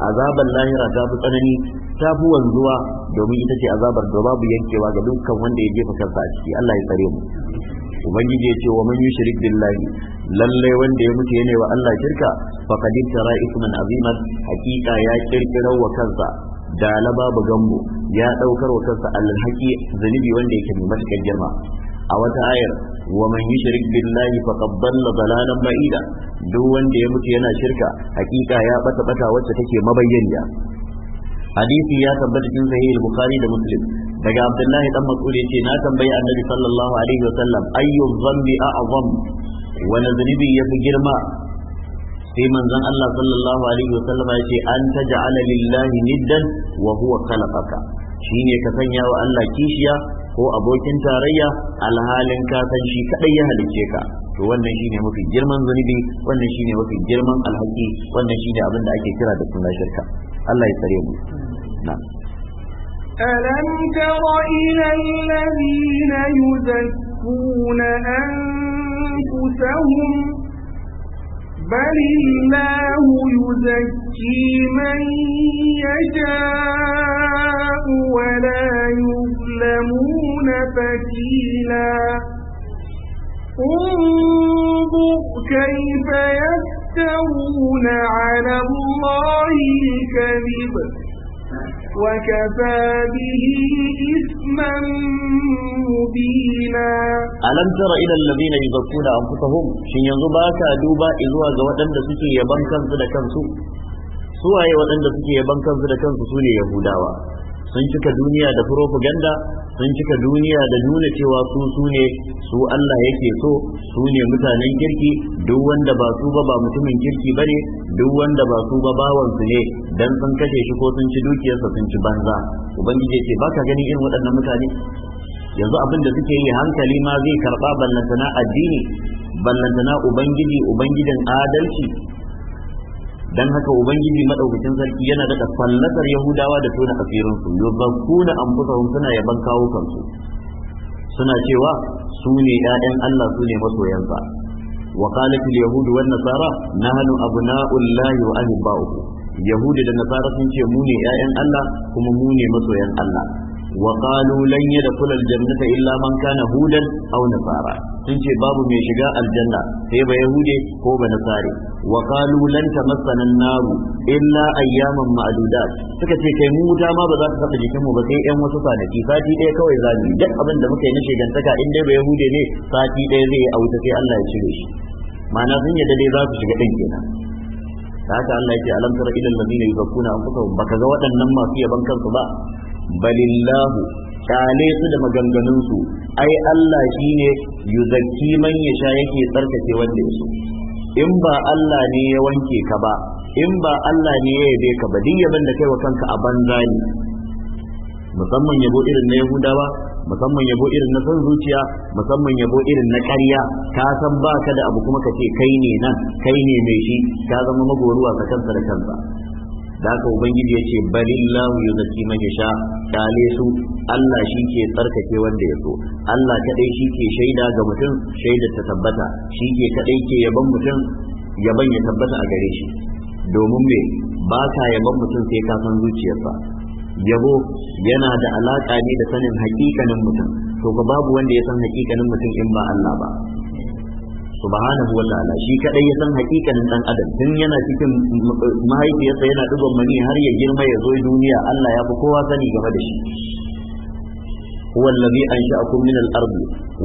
Azaban lahira ta fi tsanani ta fi wanzuwa domin ita ce azabar da babu yankewa ga dukkan wanda ya jefa kansa a ciki Allah ya tsare mu ubangiji ya ce wa man yushrik billahi lallai wanda ya mutu yana wa Allah shirka faqad tara isman aziman hakika ya kirkirar wa kansa da babu gambo ya daukar wa kansa alhaki zanibi wanda yake mai matakar girma a wata ayar wa man yushrik billahi faqad dalla dalalan ba'ida duk wanda ya mutu yana shirka hakika ya bata bata wacce take mabayyaniya hadisi ya tabbata cikin sahih al-bukhari da muslim daga abdullahi dan mas'ud yace na tambayi annabi sallallahu alaihi wasallam ayyu dhanbi a'zam wani zunubi yafi girma sai manzon Allah sallallahu alaihi wasallam yace an taj'ala lillahi niddan wa huwa khalaqaka shine ka sanya wa Allah kishiya ko abokin tarayya alhalin kasan shi kadai ya halicce ka to wannan shine mafi girman zunubi wannan shine mafi girman alhaki wannan shine abin da ake kira da sunan shirka Allah ya tsare mu na'am ألم تر إلى الذين يزكون أنفسهم بل الله يزكي من يشاء ولا يظلمون فتيلا انظر كيف يفترون على الله الكذب alam tara ila alladhina yuzakkuna anfusahum shin yanzu ba ka duba zuwa ga waɗanda suke yaban kansu da kansu suwaye waɗanda suke yaban kansu da kansu su ne yahudawa sun cika duniya da propaganda sun cika duniya da nuna cewa su su ne su Allah yake so su ne mutanen kirki duk wanda ba su ba ba mutumin kirki bane duk wanda ba su ba bawansu ne dan sun kashe shi ko sun ci dukiyarsa sun ci banza ubangiji ce baka ganin irin waɗannan mutane yanzu abin da suke yi hankali ma zai karba ballantana addini ballantana ubangiji ubangijin adalci dan haka ubangiji madaukakin sarki yana daga fallasar yahudawa da tona asirin su yubakuna anfusahum suna yaban kawo kansu suna cewa su ne ƴaƴan Allah su ne masoyansa wa qalat al yahud wan nasara nahnu abna'u llahi wa ahibba'uhu yahudi da nasara sun ce mu ne ƴaƴan Allah kuma mu ne masoyan Allah وقالوا لن يدخل الجنة إلا من كان هودا أو نصارى تنشي باب ميشقاء الجنة هيبا يهودي هو نصاري وقالوا لن تمسنا النار إلا أياما معدودات فكتي كي موتا ما بذات فتجي كمو بكي أم وتصالة فاتي إيه كوي ذالي جد أبن دمكي نشي جنتكا إن ديبا يهودي ني فاتي إيه ذي أو تكي الله يشريش معنى سنجد دي ذات شقتين كنا haka Allah ya ce alam tara ilal ladina yuzakkuna anfusahum baka ga waɗannan masu yaban kansu ba balillahu ƙale su da maganganunsu ai Allah shine yuzakki man sha yake tsarkake wanda yaso in ba Allah ne ya wanke ka ba in ba Allah ne ya yabe ka ba duk yaban da kai wa kanka a banza ne musamman yabo irin na Yahudawa musamman yabo irin na san zuciya musamman yabo irin na ƙarya ka san ba ka da abu kuma ka kai ne nan kai ne mai shi ka zama magoruwa ka kansa da kansa da haka ubangiji ya ce balillahu yuzaki mai yasha kale su Allah shi ke tsarkake wanda ya so Allah kadai shi ke shaida ga mutum shaida ta tabbata shi ke kadai ke yaban mutum yaban ya tabbata a gare shi domin me ba ka yaban mutum sai ka san zuciyarsa yabo yana da alaka ne da sanin hakikanin mutum to ba babu wanda ya san hakikanin mutum in ba Allah ba subhanahu wa ta'ala shi kadai ya san hakikanin dan adam tun yana cikin mm, mm, mahaifiyarsa yana digon mani har ya girma ya zo duniya Allah ya fi kowa sani game da shi هو الذي أنشأكم من الأرض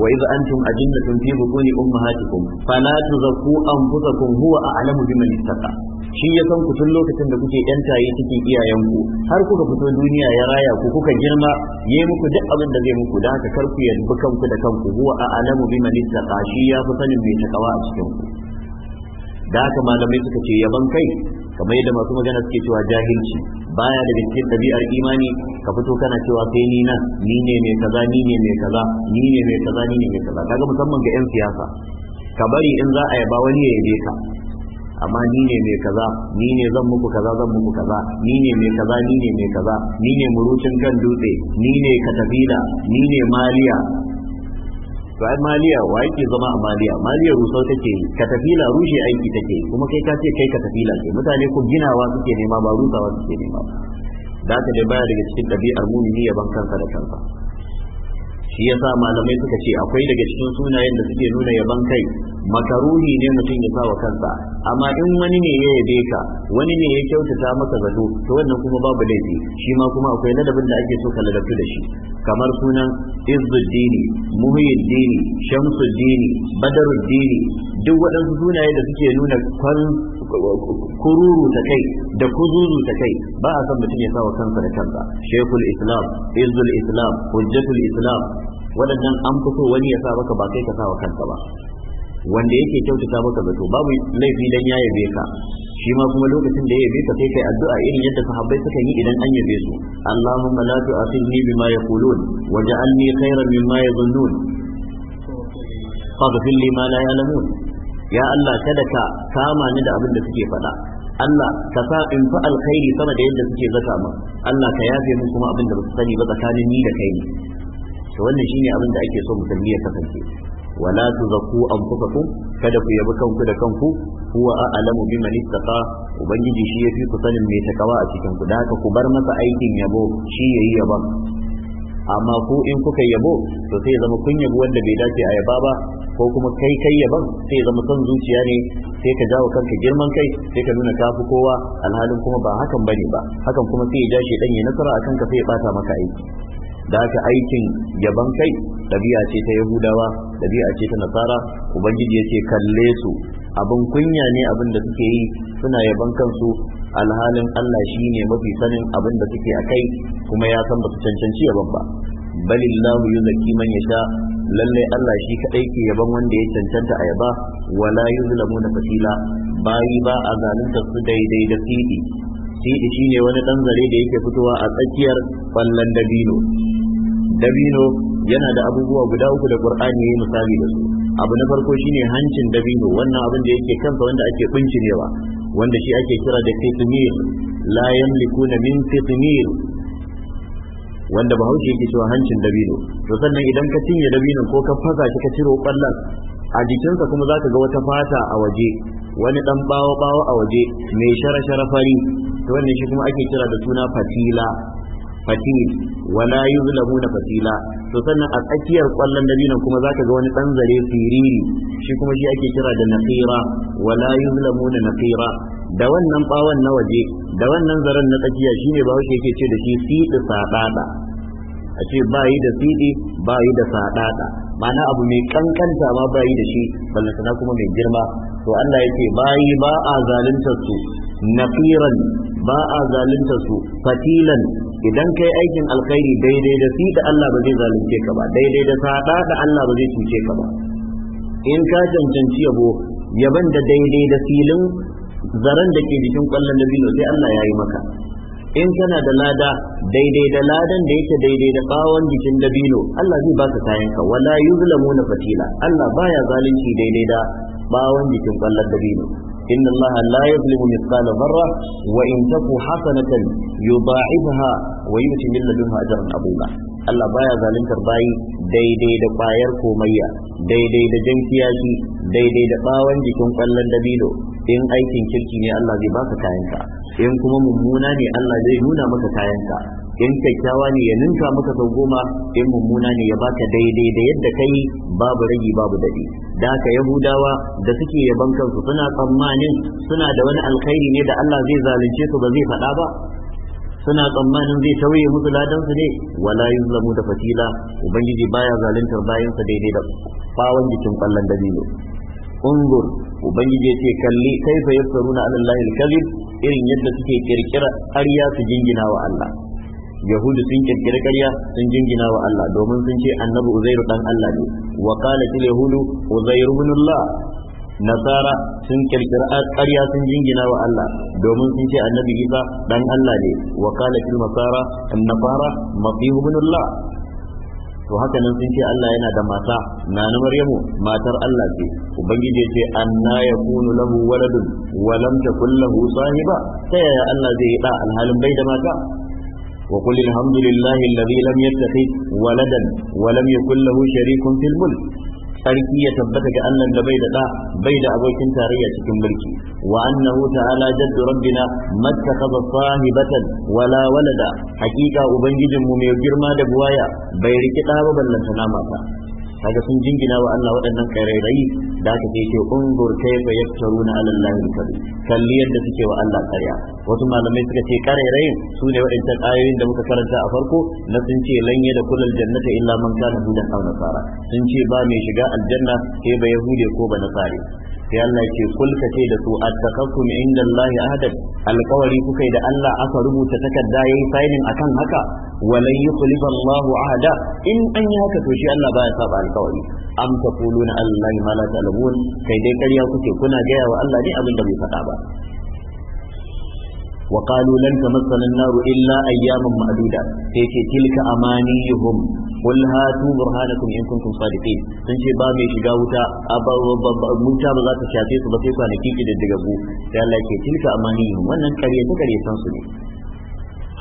وإذا أنتم أجنة في بطون أمهاتكم فلا تزكوا أنفسكم هو أعلم بمن اتقى shi ya san ku tun lokacin da kuke yan taye cikin iyayenku har kuka fito duniya ya raya ku kuka girma yi muku duk abin da zai muku da haka kar ku yarda kanku da kanku huwa a alamu bi man shi ya fi sanin mai takawa a cikin ku da haka malamai suka ce yaban kai kamar yadda masu magana suke cewa jahilci baya daga cikin ɗabi'ar imani ka fito kana cewa sai ni nan ni ne mai kaza ni ne mai kaza ni ne mai kaza ni ne mai kaza kaga musamman ga 'yan siyasa ka bari in za a yaba wani ya yabe ka amma ni ne mai kaza ni ne zan muku kaza zan muku kaza ni ne mai kaza ni ne mai kaza ni ne murucin kan dutse ni ne katafila ni ne maliya to ai maliya wa yake zama a maliya maliya rusau take yi katafila rushe aiki take kuma kai ka ce kai katafila ke mutane ko ginawa suke nema ba rusawa suke nema ba da ta dai baya daga cikin ɗabi'ar mumini ya ban kansa da kansa shi yasa malamai suka ce akwai daga cikin sunayen da suke nuna yaban kai makaruni ne mutum ya sawa kansa amma in wani ne ya yabe ka wani ne ya kyautata masa zato to wannan kuma babu laifi shi ma kuma akwai ladabin da ake so ka ladabtu da shi kamar sunan izzuddini muhyiddini shamsuddini badaruddini duk waɗansu sunaye da suke nuna kururu ta kai da kuzuzu ta kai ba a san mutum ya sawa kansa da kansa shekul islam izzul islam hujjatul islam waɗannan an fi so wani ya sa maka ba kai ka sa wa kanka ba wanda yake kyautata maka zato babu laifi dan ya yabe ka shi ma kuma lokacin da ya yabe ka sai kai addu'a irin yadda sahabbai suka yi idan an yabe su Allahumma la tu'akhidni bima yaqulun waj'alni khayran mimma yadhunnun faghfir li ma la ya'lamun ya Allah kada ka kama ni da abin da suke faɗa Allah ka sa in fa alkhairi sama da yadda suke zaka ma. Allah ka yafe mun kuma abin da ba su sani ba tsakanin ni da kai to wannan shine abin da ake so musulmi ya kasance wala tuzakku anfusakum kada ku yabi kanku da kanku huwa a'lamu biman ittaqa ubangiji shi yafi ku sanin me takawa a cikin ku da haka ku bar masa aikin yabo shi yayi yabo amma ku in kuka yabo to sai zama kun yabo wanda bai dace a yaba ba ko kuma kai kai yaban sai zama son zuciya ne sai ka jawo kanka girman kai sai ka nuna kafi kowa alhalin kuma ba hakan bane ba hakan kuma sai ya ja dan ya nasara akan ka sai ya bata maka aiki da aka aikin yaban kai ɗabi'a ce ta yahudawa ɗabi'a ce ta nasara ubangiji ya ce kalle su abin kunya ne abin da suke yi suna yaban kansu alhalin allah shi ne mafi sanin abin da suke a kai kuma ya san ba su cancanci yaban ba balillahu yuzaki man yasha lalle allah shi kaɗai ke yaban wanda ya cancanta a yaba wala na fasila bayi ba a zalunta su daidai da fidi shi shine wani dan zare da yake fitowa a tsakiyar ƙwallon dabino dabino yana da abubuwa guda uku da qur'ani yayi misali da su abu na farko shine hancin dabino wannan abin da yake kansa wanda ake kuncinewa wanda shi ake kira da fitmir la yamlikuna min fitmir wanda bahaushe yake cewa hancin dabino to sannan idan ka cinye dabino ko ka faza shi ka ciro kwallon a jikinsa kuma zaka ga wata fata a waje wani dan bawo bawo a waje mai shara shara fari to wannan shi kuma ake kira da suna fatila fatil wala na Fasila, to sannan a tsakiyar kwallon dabinan kuma zaka ga wani dan zare siriri shi kuma shi ake kira da nasira wala na nasira. da wannan bawan na waje da wannan zaren na tsakiya shine ba wuce yake ce da shi sidi sadada a ce ba yi da sidi ba yi da sadada ma'ana abu mai kankanta ma ba yi da shi ballantana kuma mai girma to Allah yake bayi ba a zaluntar su nafiran ba a zalunta su fatilan idan kai aikin alkhairi daidai da su da Allah ba zai zalunce ka ba daidai da sada da Allah ba zai cuce ka ba in ka cancanci yabo yaban da daidai da filin zaren da ke jikin kwallon da bino sai Allah ya yi maka in kana da lada daidai da ladan da yake daidai da bawon jikin dabino Allah zai baka ka, wala yuzlamuna fatila Allah baya zalunci daidai da bawon jikin kwallon dabino إن الله لا يظلم مثقال ذرة وإن تك حسنة يضاعفها ويؤتي من لدنها أجرا عظيما Allah baya zaluntar bayi daidai da kwayar komayya daidai da jan kiyashi daidai da bawan jikin kwallon dabino in aikin kirki ne Allah zai baka kayanka in kuma mummuna ne Allah zai nuna maka kayanka in kyakkyawa ne ya ninka maka sau goma in mummuna ne ya baka daidai da yadda kai babu ragi babu dadi da haka yahudawa da suke yaban kansu suna tsammanin suna da wani alkhairi ne da Allah zai zalunce su ba zai faɗa ba suna tsammanin zai tauye musu ladan su ne wala yuzlamu da fatila ubangiji baya zaluntar bayansa daidai da bawon jikin kwallon dabino ungur ubangiji ce kalli kai fa ala alallahi alkazib irin yadda suke kirkira ƙarya su jingina wa Allah yahudu sun kirkiri karya sun jingina wa Allah domin sun ce annabi uzairu dan Allah ne wa qalat yahudu uzairu ibn Allah nasara sun kirkiri karya sun jingina wa Allah domin sun ce annabi Isa dan Allah ne wa qalat nasara annasara masihu ibn Allah to haka nan sun ce Allah yana da mata na na Maryamu matar Allah ce ubangiji ya ce anna yakunu lahu waladun wa lam takul lahu sahiba ta yaya Allah zai yi da alhalin bai da mata وقل الحمد لله الذي لم يتخذ ولدا ولم يكن له شريك في الملك sarki ya tabbata ga Allah da bai da da bai da abokin tarayya cikin mulki wa annahu ta'ala jaddu rabbina mattakhadha sahibatan wala walada hakika ubangijinmu mai girma da buwaya bai riki da ba ballanta mata kaga sun jingina wa Allah waɗannan karairayi da aka ce ce ungur kaifa yaftaruna ala Allah al-kadhib kalli yadda suke wa Allah karya wasu malamai suka ce karairayin su ne waɗancan ayoyin da muka karanta a farko na sun ce lan da kullal jannata illa man kana hudan aw nasara sun ce ba mai shiga aljanna sai ba yahude ko ba nasari sai Allah ce kul ka ce da su attakakum inda Allah ahadan alƙawari kuka da Allah aka rubuta takarda yayi signing akan haka walan yukhlifa Allahu ahada in an yi haka to shi Allah baya saba alƙawari am taquluna Allah ma la ta'lamun kai dai karya kuke kuna gaya wa Allah ne abin da bai faɗa ba وقالوا لن تمسنا النار إلا أياما معدودة سيتي تلك أمانيهم قل هاتوا برهانكم إن كنتم صادقين سنشي بامي شجاوتا أبا موتا بذات الشافيس بطيسا نكيكي ددقبو قال لك تلك أمانيهم وانا كريتا كريتا سنسني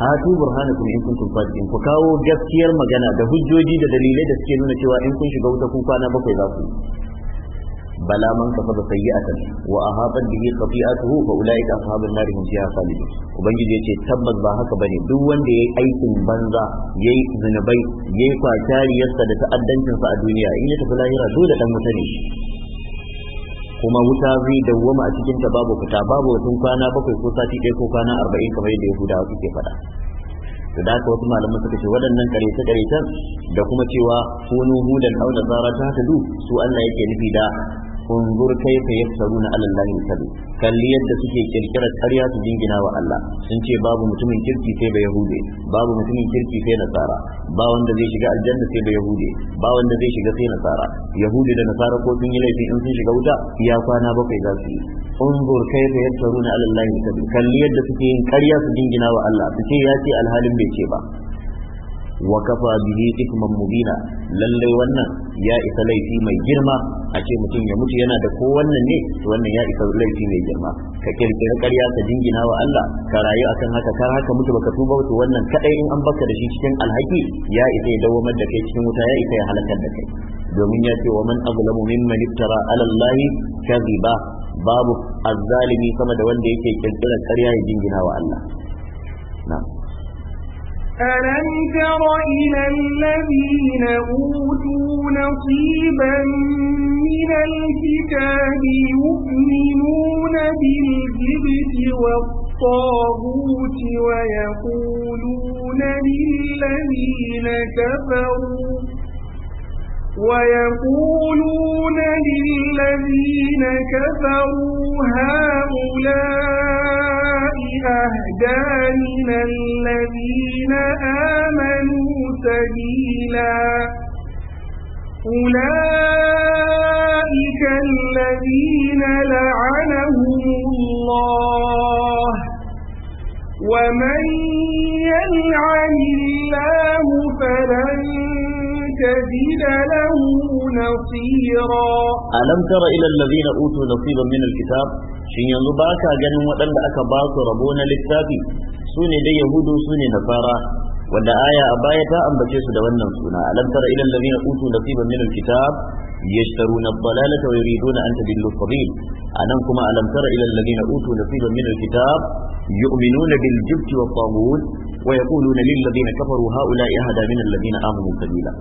hatu burhanakum in kuntum sadiqin ku kawo gaskiyar magana da hujjoji da dalilai da suke nuna cewa in kun shiga wuta kun kwana bakwai za ku بلا من كسب سيئة وأهابت به خطيئته فأولئك أصحاب النار هم فيها خالدون وبنجد يجي تبت بها كبني بني دي وند يي أيكن بنزا يي ذنبي يي فاشاري يسد تأدنشن في الدنيا إن تفي لاهرة دولة kuma wuta zai dawwama a cikin ta babu fita babu wasu kwana bakwai ko sati ɗaya ko kwana arba'in kamar yadda yahudawa suke faɗa da haka wasu malaman suka ce waɗannan karyace karyacen da kuma cewa kunu hudan aw tsara ta hadu su Allah yake nufi da unzur kaifa yaftaruna ala allahi kadhib kalli yadda suke kirkirar ƙarya su jingina wa Allah sun ce babu mutumin kirki sai ba yahude babu mutumin kirki sai nasara ba wanda zai shiga aljanna sai ba yahude ba wanda zai shiga sai nasara yahude da nasara ko sun yi laifin in sun shiga wuta ya kwana bakwai za su yi unzur kaifa yaftaruna ala allahi kadhib kalli yadda suke yin ƙarya su jingina wa Allah su ce ya ce alhalin bai ce ba wa kafa bihi ithman mubina lalle wannan ya isa laifi mai girma a ce mutum ya mutu yana da ko wannan ne to wannan ya isa laifi mai girma ka kirkiri ƙarya ka jingina wa Allah ka rayu akan haka kar haka mutu baka tuba to wannan kadai in an baka da shi cikin alhaki ya isa ya dawamar da kai cikin wuta ya isa ya halakar da kai domin ya ce wa man azlamu mimman iftara ala Allah kadhiba babu azzalimi sama da wanda yake kirkirar ƙarya ya jingina wa Allah na'am ألم تر إلى الذين أوتوا نصيبا من الكتاب يؤمنون بالجبت والطاغوت ويقولون للذين كفروا ويقولون للذين كفروا هؤلاء أهدى من الذين آمنوا سبيلا أولئك الذين لعنهم الله ومن كثيرا ألم تر إلى الذين أوتوا نصيبا ganin الكتاب aka ba su rabo na littafi su ne سوني yahudu su ne nasara wanda aya a baya ta ambace su da wannan suna alam tara ilal ladina utu nasiban min alkitab yashtaruna ad-dalalata wa yuriduna an tadillu as-sabil anan kuma alam tara ilal ladina utu nasiban min alkitab yu'minuna bil jibti wa taghut wa yaquluna lil ladina kafaru haula yahda min alladina amanu sabila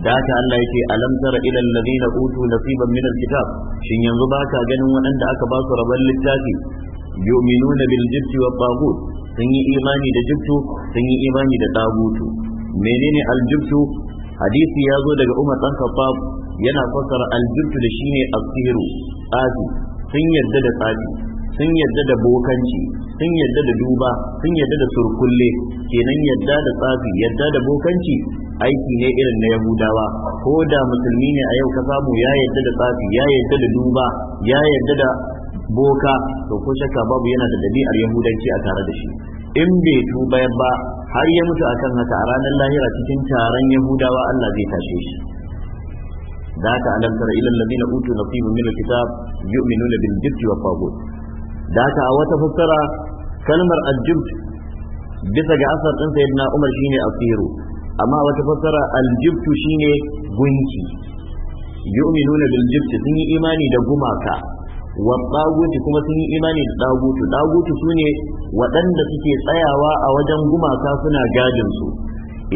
da haka Allah yake alam tara ila alladhina utu nasiban min alkitab shin yanzu baka ganin waɗanda aka ba su rabon littafi yu'minuna bil jibti wa taghut sun yi imani da jibtu sun yi imani da tagutu menene aljibtu hadisi ya zo daga Umar dan Khattab yana fassara aljibtu da shine asiru tsafi sun yadda da tsafi sun yadda da bokanci sun yadda da duba sun yadda da surkulle kenan yadda da tsafi yadda da bokanci aiki ne irin na yahudawa ko da musulmi ne a yau ka samu ya yadda da tsafi ya yadda da duba ya yadda da boka to ko shakka babu yana da dabi'ar yahudanci a tare da shi in bai tuba ba har ya mutu akan haka a ranar lahira cikin taron yahudawa Allah zai tashe shi ذاك ألم تر إلى الذين أوتوا نصيب من الكتاب يؤمنون بالجبت والطاغوت ذاك أوت فسر كلمة الجبت bisa ga asar ɗin sayyidina Umar shine asiru amma wata fassara aljibtu shine gunki yu'minuna bil jibti sun yi imani da gumaka wa dagutu kuma sun yi imani da dagutu dagutu sune waɗanda suke tsayawa a wajen gumaka suna gadin su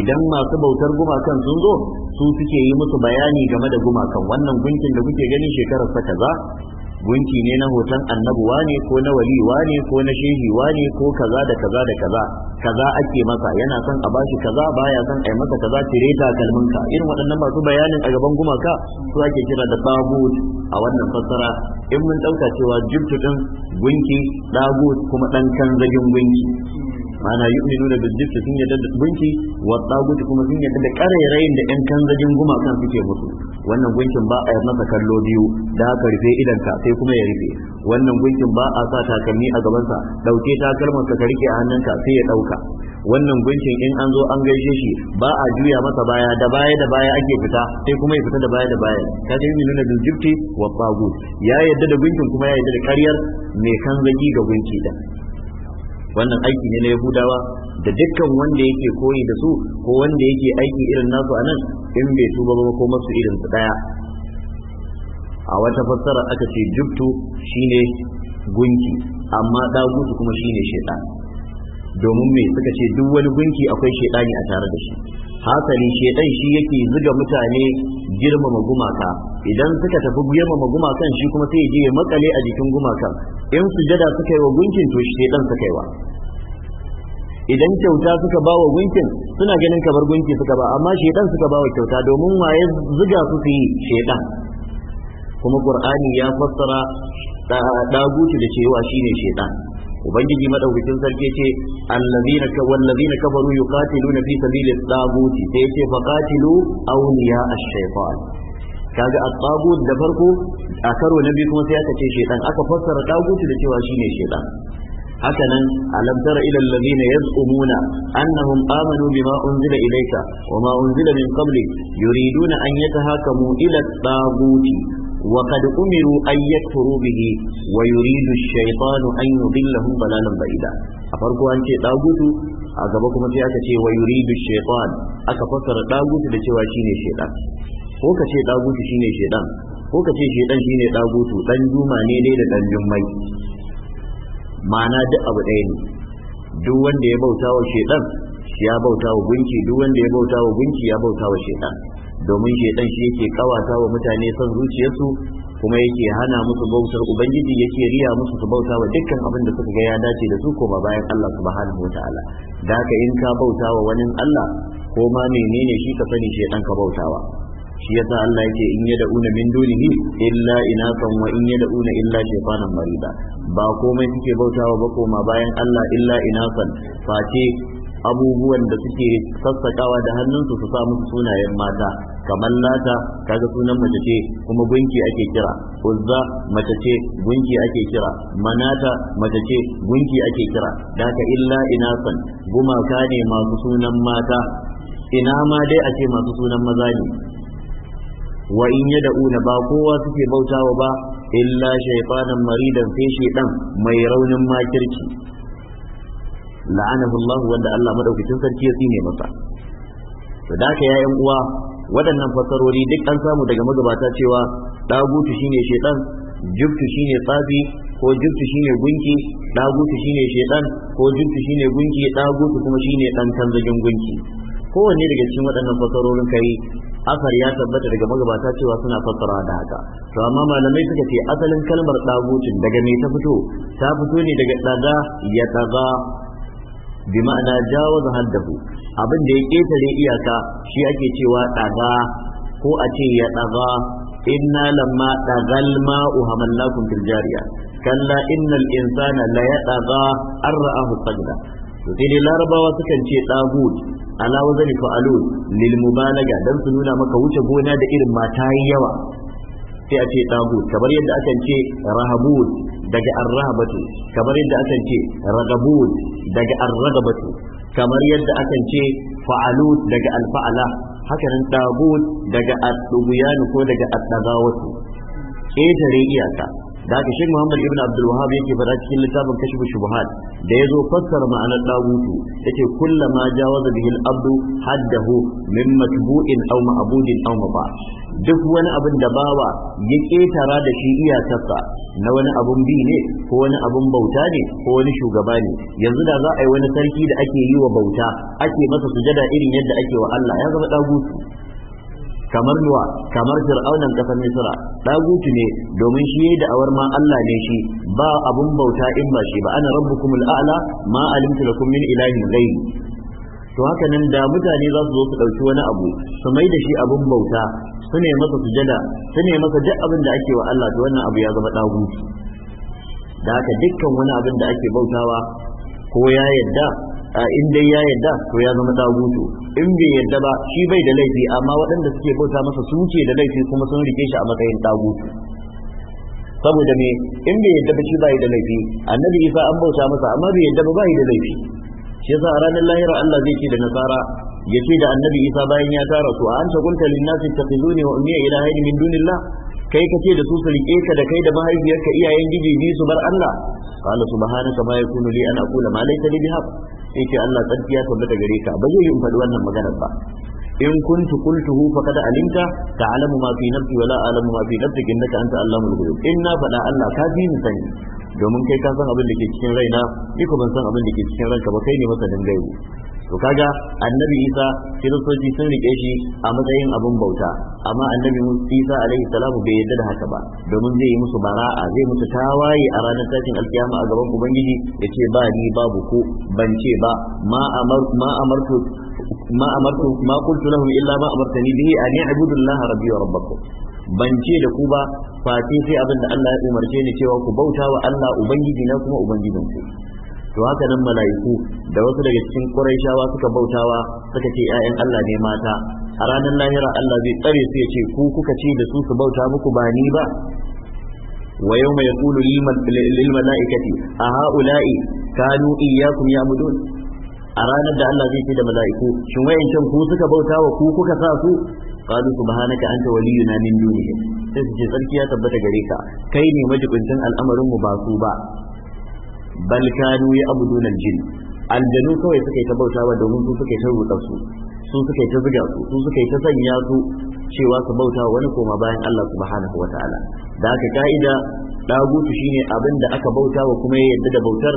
idan masu bautar gumakan sun zo su suke yi musu bayani game da gumakan wannan gunkin da kuke ganin shekarar sa kaza gunki ne na hoton annabuwa ne ko na waliwa ne ko na shehiwa ne ko kaza da kaza da kaza kaza ake masa yana son a bashi kaza baya son a yi masa kaza tire ta kalminka irin waɗannan masu bayanin a gaban gumaka su ake kira da tabut a wannan fassara in mun ɗauka cewa jibtu ɗin gunki tagut kuma ɗan kanzagin gunki ma'ana yu'minuna da jibti sun yadda da gunki wa taguti kuma sun yadda da karairayin da yan kanzajin gumakan suke musu wannan gunkin ba a masa kallo biyu da aka rufe idanka sai kuma ya rufe wannan gunkin ba a sa takalmi a gabansa dauke takalmar ka rike a hannunka sai ya dauka wannan gunkin in an zo an gaishe shi ba a juya masa baya da baya da baya ake fita sai kuma ya fita da baya da baya ka ji yin nuna bil jibti wa tagut ya yadda da gunkin kuma ya yadda da ƙaryar mai kanzagi ga gunki da wannan aiki ne na yahudawa da dukkan wanda yake koyi da su ko wanda yake aiki irin nasu a nan in bai tuba ba ko masu irin su daya a wata fassara aka ce jubtu shine gunki amma dagutu kuma shine shaitan domin me suka ce duk wani gunki akwai shaitani a tare da shi hasali shaitan shi yake zuga mutane girmama gumaka idan suka tafi girmama gumakan shi kuma sai ya je ya makale a jikin gumakan in sujada suka yi wa gunkin to shi dan suka yi wa idan kyauta suka ba wa gunkin suna ganin kamar gunki suka ba amma shedan suka ba wa kyauta domin waye zuga su su yi shedan kuma qur'ani ya fassara dagutu da cewa shine shedan ubangiji madaukakin sarki ce allazina ka wallazina kafaru yuqatiluna fi sabilillahi daguti sai ce faqatilu awliya ash-shaytan kaga at-tagut da farko a karo na biyu kuma sai aka ce shaytan aka fassara tagut da cewa shine shaytan haka nan alam tara ila alladhina yaz'umuna annahum amanu bima unzila ilayka wama unzila min qablik yuriduna an yatahakamu ila at-tagut وقد أمروا أن يكفروا به ويريد الشيطان أن يضلهم ضلالا بعيدا أفرقوا أن شيء طاغوت أغبكم في أكا ويريد الشيطان أكا فسر طاغوت لشواشين الشيطان ko ka ce dagutu shine shedan ko ka ce shedan shine dagutu dan juma ne ne da ɗan jummai ma'ana duk abu ɗaya ne duk wanda ya bauta wa shedan ya bauta wa gunki duk wanda ya bauta wa gunki ya bauta wa shedan domin shedan shi yake kawata wa mutane son zuciyarsu kuma yake hana musu bautar ubangiji yake riya musu su bauta wa dukkan abin da suka ga ya dace da su koma bayan Allah subhanahu wataala da haka in ka bauta wa wani Allah ko ma menene shi ka sani shedan ka bautawa shi yasa Allah yake in yad'una min dunihi illa ina san wa in ya da'una illa shaytanan marida ba komai suke bautawa ba koma bayan Allah illa ina san, face abubuwan da suke sassakawa da hannunsu su sa musu sunayen mata kamar lata kaga sunan mace ce kuma gunki ake kira uzza mace ce gunki ake kira manata mace ce gunki ake kira daga illa ina san gumaka ne masu sunan mata ina ma dai a ce masu sunan maza ne wa in dauna ba kowa suke bautawa ba illa shaytanan maridan sai ɗan mai raunin makirci la'anahu Allah wanda Allah madaukakin sarki ya tsine masa to da ka yayan uwa waɗannan fasarori duk an samu daga magabata cewa dagutu shine shaytan jubtu shine tsafi ko jubtu shine gunki dagutu shine shaytan ko jubtu shine gunki dagutu kuma shine dan tanzagin gunki kowanne daga cikin waɗannan fasarorin kai asar ya tabbata daga magabata cewa suna fassara da haka to amma malamai suka ce asalin kalmar dagutin daga me ta fito ta fito ne daga daga ya daga bi ma'ana jawaza haddahu abin da ya ketare iyaka shi ake cewa daga ko a ce ya daga inna lamma dagal ma'u hamallakum fil kalla innal insana la yadaga arra'ahu sajda to sai dai larabawa sukan ce dagut ala wazani fa'alun lil mubalaga dan su nuna maka wuce gona da irin mata yawa sai a ce tagut kamar yadda akan ce rahabut daga arrahabatu kamar yadda akan ce ragabut daga arragabatu kamar yadda aka ce fa'alut daga alfa'ala haka nan tagut daga at ko daga at-tagawatu ƙetare iyaka da haka Sheikh Muhammad ibn Abdul Wahhab yake fara cikin littafin Kashfu Shubuhat da yazo fassara ma'anar dagutu yake kullama jawaza bihi al-abdu haddahu min matbu'in aw ma'budin aw maba duk wani abin da bawa ya ketara da shi iyakarsa na wani abun bi ne ko wani abun bauta ne ko wani shugaba ne yanzu da za a yi wani sarki da ake yi wa bauta ake masa sujada irin yadda ake wa Allah ya zama dagutu kamar nuwa kamar fir'aunan kasar misra dagutu ne domin shi yi da'awar ma Allah ne shi ba abun bauta in ba shi ba ana rabbukumul a'la ma alimtu lakum min ilahin ghairi to haka nan da mutane za su zo su ɗauki wani abu su mai da shi abun bauta su ne masa sujada su ne masa duk abin da ake wa Allah to wannan abu ya zama dagutu da haka dukkan wani abin da ake bautawa ko ya yadda in dai ya yadda ko ya zama tagutu in bai yadda ba shi bai da laifi amma waɗanda suke bauta masa su ke da laifi kuma sun rike shi a matsayin tagutu saboda me in bai yadda ba shi bai da laifi annabi isa an bauta masa amma bai yadda ba bai da laifi shi yasa a ranar lahira Allah zai ce da nasara ya ce da annabi isa bayan ya tara su a anta qulta lin nasi ittakhizuni wa ummi ilahaini min dunillah kai ka ce da su su rike ka da kai da mahaifiyarka iyayen giji bi su bar Allah qala subhanaka ma yakunu li an aqula ma laysa li bihaq yace Allah tsarkiya tabbata gare ka ba zai yi in faɗi wannan magana ba in kuntu qultuhu faqad alimta ta'lamu ma fi nafsi wa la a'lamu ma fi nafsika innaka anta allamul ghuyub in na faɗa Allah ka fi ni sani domin kai ka san abin da ke cikin raina ni ko ban san abin da ke cikin ranka ba kai ne masanin gaibu to kaga annabi isa kiristoci sun rike shi a matsayin abin bauta amma annabi isa alaihi salamu bai yadda da haka ba domin zai yi musu bara'a zai musu tawaye a ranar tashin alkiyama a gaban ubangiji ya ce ba ni babu ko ban ce ba ma amartu ma amartu ma kuntu lahum illa ma amartani bihi an ya'budu allaha rabbi wa rabbakum ban ce da ku ba fati sai abin da Allah ya umarce ni cewa ku bauta wa Allah ubangiji na kuma ubangijinku to haka nan mala'iku da wasu daga cikin Qurayshawa suka bautawa suka ce ƴaƴan Allah ne mata a ranar lahira Allah zai tsare su ya ce ku kuka ce da su su bauta muku ba ni ba wa yawma yaqulu lil mala'ikati a ha'ula'i kanu iyyakum ya'budun a ranar da Allah zai ce da mala'iku shin wayancan ku suka bautawa ku kuka sa su qalu subhanaka anta waliyuna min dunihi sai su ce tsarki ya tabbata gare ka kai ne majibincin al'amarin ba su ba bal kanu ya nan jin aljanu kawai suka yi ta bautawa domin su suka yi ta rubuta su su suka yi ta zuga su su suka yi ta sanya su cewa su bauta wani koma bayan Allah subhanahu wa ta'ala da haka ka'ida dagutu shine abin da aka bauta wa kuma ya yadda da bautar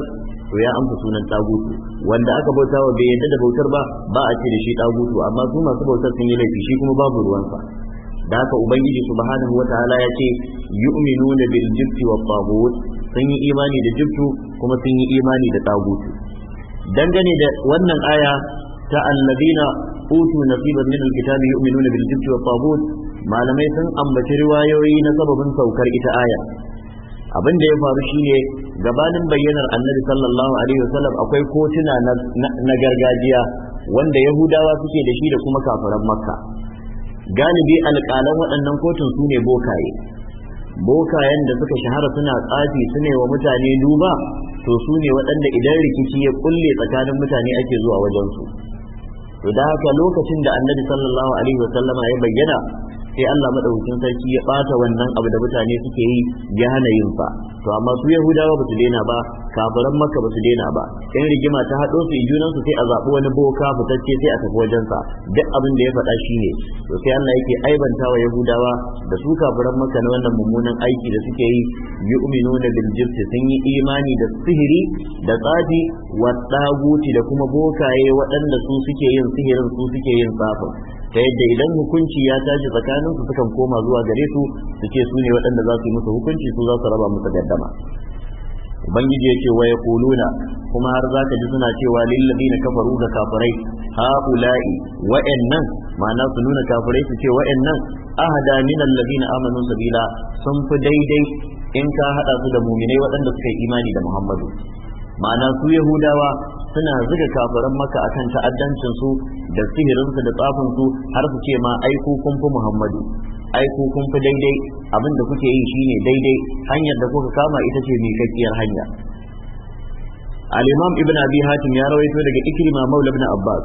to ya amsa sunan tagutu wanda aka bauta wa bai yadda da bautar ba ba a ce da shi tagutu amma su masu bautar sun yi laifi shi kuma babu ruwansa da haka ubangiji subhanahu wa ta'ala ya ce yu'minuna bil jibti wa tagut sun yi imani da jibtu kuma sun yi imani da tagutu dangane da wannan aya ta annabina utu nasiban min alkitabi yu'minuna bil jibti wa tagut malamai sun ambaci riwayoyi na sababin saukar ita aya abin da ya faru shine gabanin bayyanar annabi sallallahu alaihi wasallam akwai kotuna na gargajiya wanda yahudawa suke da shi da kuma kafiran makka galibi alƙalan waɗannan kotun su ne bokaye bokayen da suka shahara suna tsafi su ne wa mutane duba to su ne waɗanda idan rikici ya kulle tsakanin mutane ake zuwa wajensu to da haka lokacin da annabi sallallahu alaihi wasallama ya bayyana sai Allah madaukakin sarki ya bata wannan abu da mutane suke yi ya hana yin fa to amma su yahudawa ba su daina ba kafiran makka ba su daina ba in rigima ta hado su junan su sai a zabi wani boka fitacce sai a tafi wajen sa duk abin da ya faɗa shi to sai Allah yake aibanta wa yahudawa da su kafiran makka na wannan mummunan aiki da suke yi yu'minuna bil jibti sun yi imani da sihiri da tsafi wa da kuma bokaye waɗanda su suke yin sihirin su suke yin tsafin ta yadda idan hukunci ya tashi tsakanin su sukan koma zuwa gare su su ce su ne waɗanda za su yi musu hukunci su za su raba musu gaddama ubangiji ya ce wa ya kuluna kuma har za ka ji suna cewa lillabi na kafaru ga kafirai ula'i wa'annan ma'ana su nuna kafirai su ce wa'annan ahada min allazina amanu sabila sun fi daidai in ka hada su da muminai waɗanda suka yi imani da muhammadu ma'ana su yahudawa suna zuga kafiran maka akan ta'addancin su da sihirinsu da tsafin su har su ce ma aiku kun fi muhammadu aiku kun fi daidai abin da kuke yi shine daidai hanyar da kuka kama ita ce miƙaƙƙiyar hanya al-imam ibn abi hatim ya rawaito daga ikrima maula ibn abbas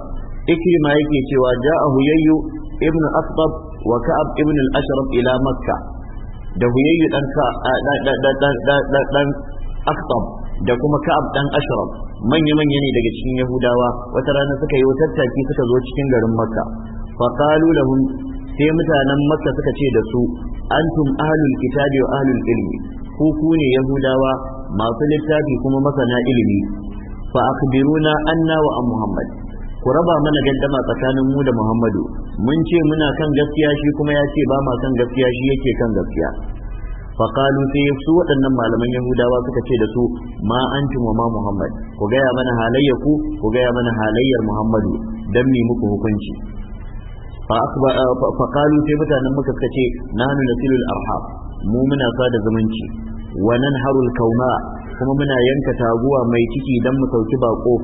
ikrima yake cewa ja'a huyayyu ibn asbab wa ka'ab ibn al-ashraf ila makka da huyayyu dan ka dan dan da kuma ka'ab dan ashraf manya-manya ne daga cikin yahudawa wata rana suka yi tattaki suka zo cikin garin makka qalu lahum sai mutanen makka suka ce da su antum ahlul kitabi wa ahlul ilmi ku ku ne yahudawa masu littafi kuma masana ilimi fa akhbiruna anna wa muhammad ku raba mana gaddama tsakanin mu da muhammadu mun ce muna kan gaskiya shi kuma ya ce ba ma kan gaskiya shi yake kan gaskiya faƙalu sai su waɗannan malaman yahudawa suka ce da su ma an wa ma muhammad ku gaya mana halayya ku ku gaya mana halayyar muhammadu don mi muku hukunci faƙalu eh, sai mutanen muka suka ce nanu nasilul arham mu muna sada zumunci wa nan harul kauna kuma muna yanka taguwa mai ciki don mu sauki bako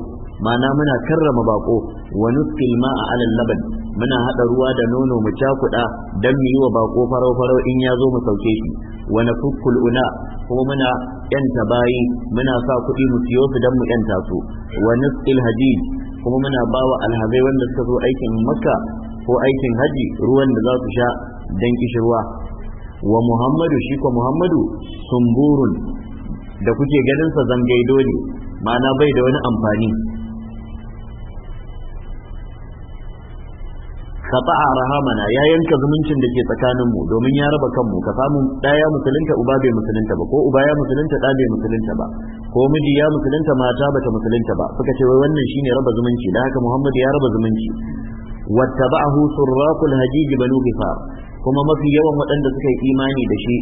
ma'ana muna karrama bako wa ma a 'ala laban muna hada ruwa da nono mu kuda dan mu yi wa bako farau farau in ya zo mu sauke shi wa nafukul una kuma muna yanta bayi muna sa kuɗi mu siyo su dan mu yanta su wa nuskil haji kuma muna bawa alhazai wanda suka zo aikin makka ko aikin haji ruwan da za su sha dan kishirwa wa muhammadu shi ko muhammadu sumburun da kuke ganin sa zangaido ne ma'ana bai da wani amfani qata'a rahamana ya yanka zumuncin da ke tsakanin mu domin ya raba kanmu ka samu daya musulunta uba bai musulunta ba ko uba ya musulunta da bai musulunta ba ko miji ya musulunta mata bata musulunta ba suka ce wai wannan shine raba zumunci da haka Muhammad ya raba zumunci wattaba'ahu surraqul Hajiji banu ghifar kuma mafi yawan waɗanda suka yi imani da shi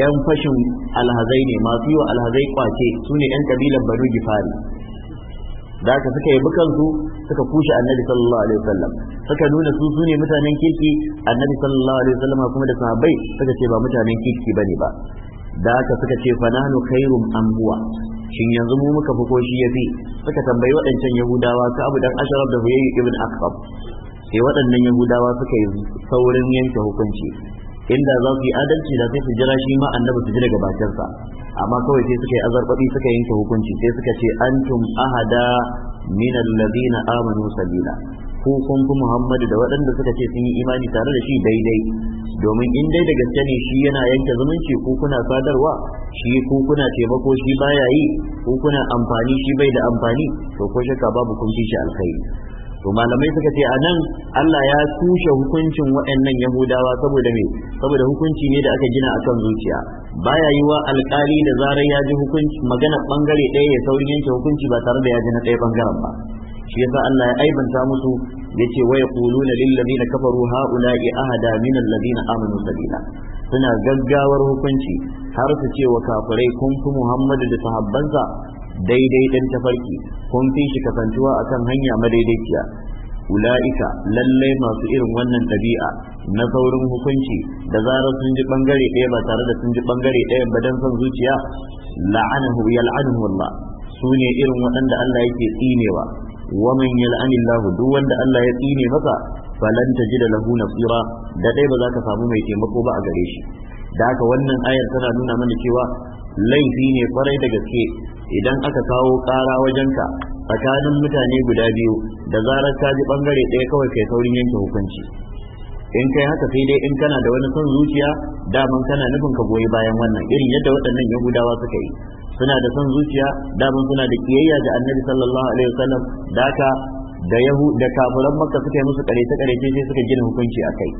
yan fashin alhazai ne masu yi wa alhazai kwace su ne yan kabilan banu gifari da haka suka yi bukansu suka kushe annabi sallallahu alaihi wasallam suka nuna su sune mutanen kirki annabi sallallahu alaihi wasallam kuma da sahabbai suka ce ba mutanen kirki bane ba da aka suka ce fa nahnu khairum am huwa shin yanzu mu muka fi ko shi yafi suka tambayi waɗancan yahudawa ka abu dan ashraf da huyayyu ibn akhab sai waɗannan yahudawa suka yi saurin yanke hukunci inda za su yi adalci da sai su jira shi ma annabi su ji daga bakinsa amma kawai sai suka yi azarbabi suka yanke hukunci sai suka ce antum ahada min alladhina amanu sabila ko kun fi Muhammadu da waɗanda suka ce sun yi imani tare da shi daidai domin in dai da gaske ne shi yana yanke zumunci ko kuna sadarwa shi ko kuna taimako shi baya yi ko kuna amfani shi bai da amfani to ko shakka babu kun fi shi alkhairi to malamai suka ce a nan Allah ya tushe hukuncin waɗannan Yahudawa saboda me saboda hukunci ne da aka gina akan zuciya baya wa alƙali da zarar ya ji hukunci magana bangare ɗaya ya saurin yanke hukunci ba tare da ya ji na ɗaya bangaren ba shi yasa Allah ya aibanta musu ya yace wa yaquluna lil ladina kafaru haula'i ahada min alladina amanu sabila suna gaggawar hukunci har su ce wa kafirai kun fi Muhammadu da sahabbansa daidai dan tafarki kun fi shi kasantuwa akan hanya madaidaiciya ula'ika lallai masu irin wannan ɗabi'a na saurin hukunci da zarar sun ji bangare ɗaya ba tare da sun ji bangare ɗaya ba dan son zuciya la'anahu yal'anuhu Allah su ne irin waɗanda Allah yake tsinewa wa man yal'anillahu duk wanda Allah ya tsine masa falan tajida lahu nasira da dai ba za ka samu mai taimako ba a gare shi da haka wannan ayar tana nuna mana cewa laifi ne kwarai da gaske idan aka kawo ƙara wajenka tsakanin mutane guda biyu da zarar ka ji bangare ɗaya kawai kai saurin yanke hukunci in kai haka sai dai in kana da wani son zuciya daman kana nufin ka goyi bayan wannan irin yadda waɗannan yahudawa suka yi suna da son zuciya daman suna da kiyayya da annabi sallallahu alaihi wasallam da da yahu da kafiran makka suka yi musu karece karece sai suka gina hukunci a kai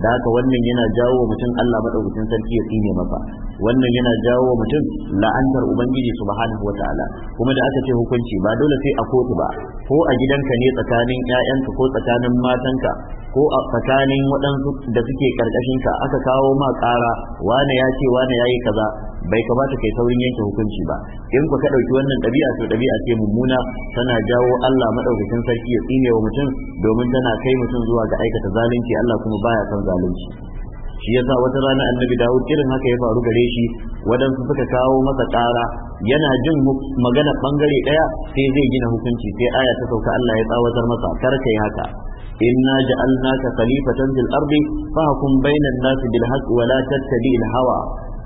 da haka wannan yana jawo wa mutum Allah madaukakin sarki ya tsine masa wannan yana jawo wa mutum la'antar ubangiji subhanahu wataala kuma da aka ce hukunci ba dole sai a kotu ba ko a gidanka ne tsakanin ƴaƴanka ko tsakanin matanka ko a tsakanin waɗansu da suke ka aka kawo ma ƙara wane ya ce wane ya yi kaza bai kamata kai saurin yanke hukunci ba in ku ka ɗauki wannan ɗabi'a to ɗabi'a ce mummuna tana jawo Allah madaukakin sarki ya tsine wa mutum domin tana kai mutum zuwa ga aikata zalunci Allah kuma baya son zalunci shi yasa wata rana annabi Dawud irin haka ya faru gare shi wadansu suka kawo masa ƙara yana jin magana bangare ɗaya sai zai gina hukunci sai aya ta sauka Allah ya tsawatar masa kar kai haka inna ja'alnaka khalifatan fil ardi fahkum bainan nasi bil haqq wa la tattabi'il hawa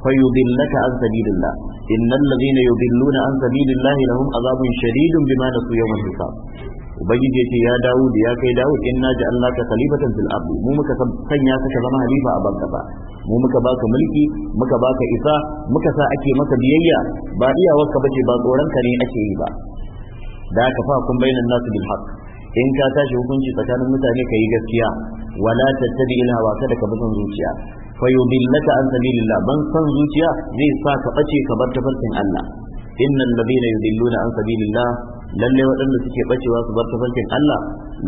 فيضلك عن سبيل الله إن الذين يضلون عن سبيل الله لهم عذاب شديد بما نسوا يوم ubangiji ce ya dawo da ya kai dawo Allah ja'alnaka khalifatan fil ardh mu muka sanya ka zama halifa a banka ba mu muka baka mulki muka baka isa muka sa ake maka biyayya ba iyawarka bace ba tsoron ka ne ake yi ba da ka fa kun bainan nasu bil haqq in ka tashi hukunci tsakanin mutane ka yi gaskiya wala tattabi ila hawa kada ka bazan zuciya fa yudillaka an sabilillah ban san zuciya zai sa ka bace ka bar tafarkin Allah إن الذين يضلون عن سبيل الله لن يوتن سكي بشي واسبر تفلكن الله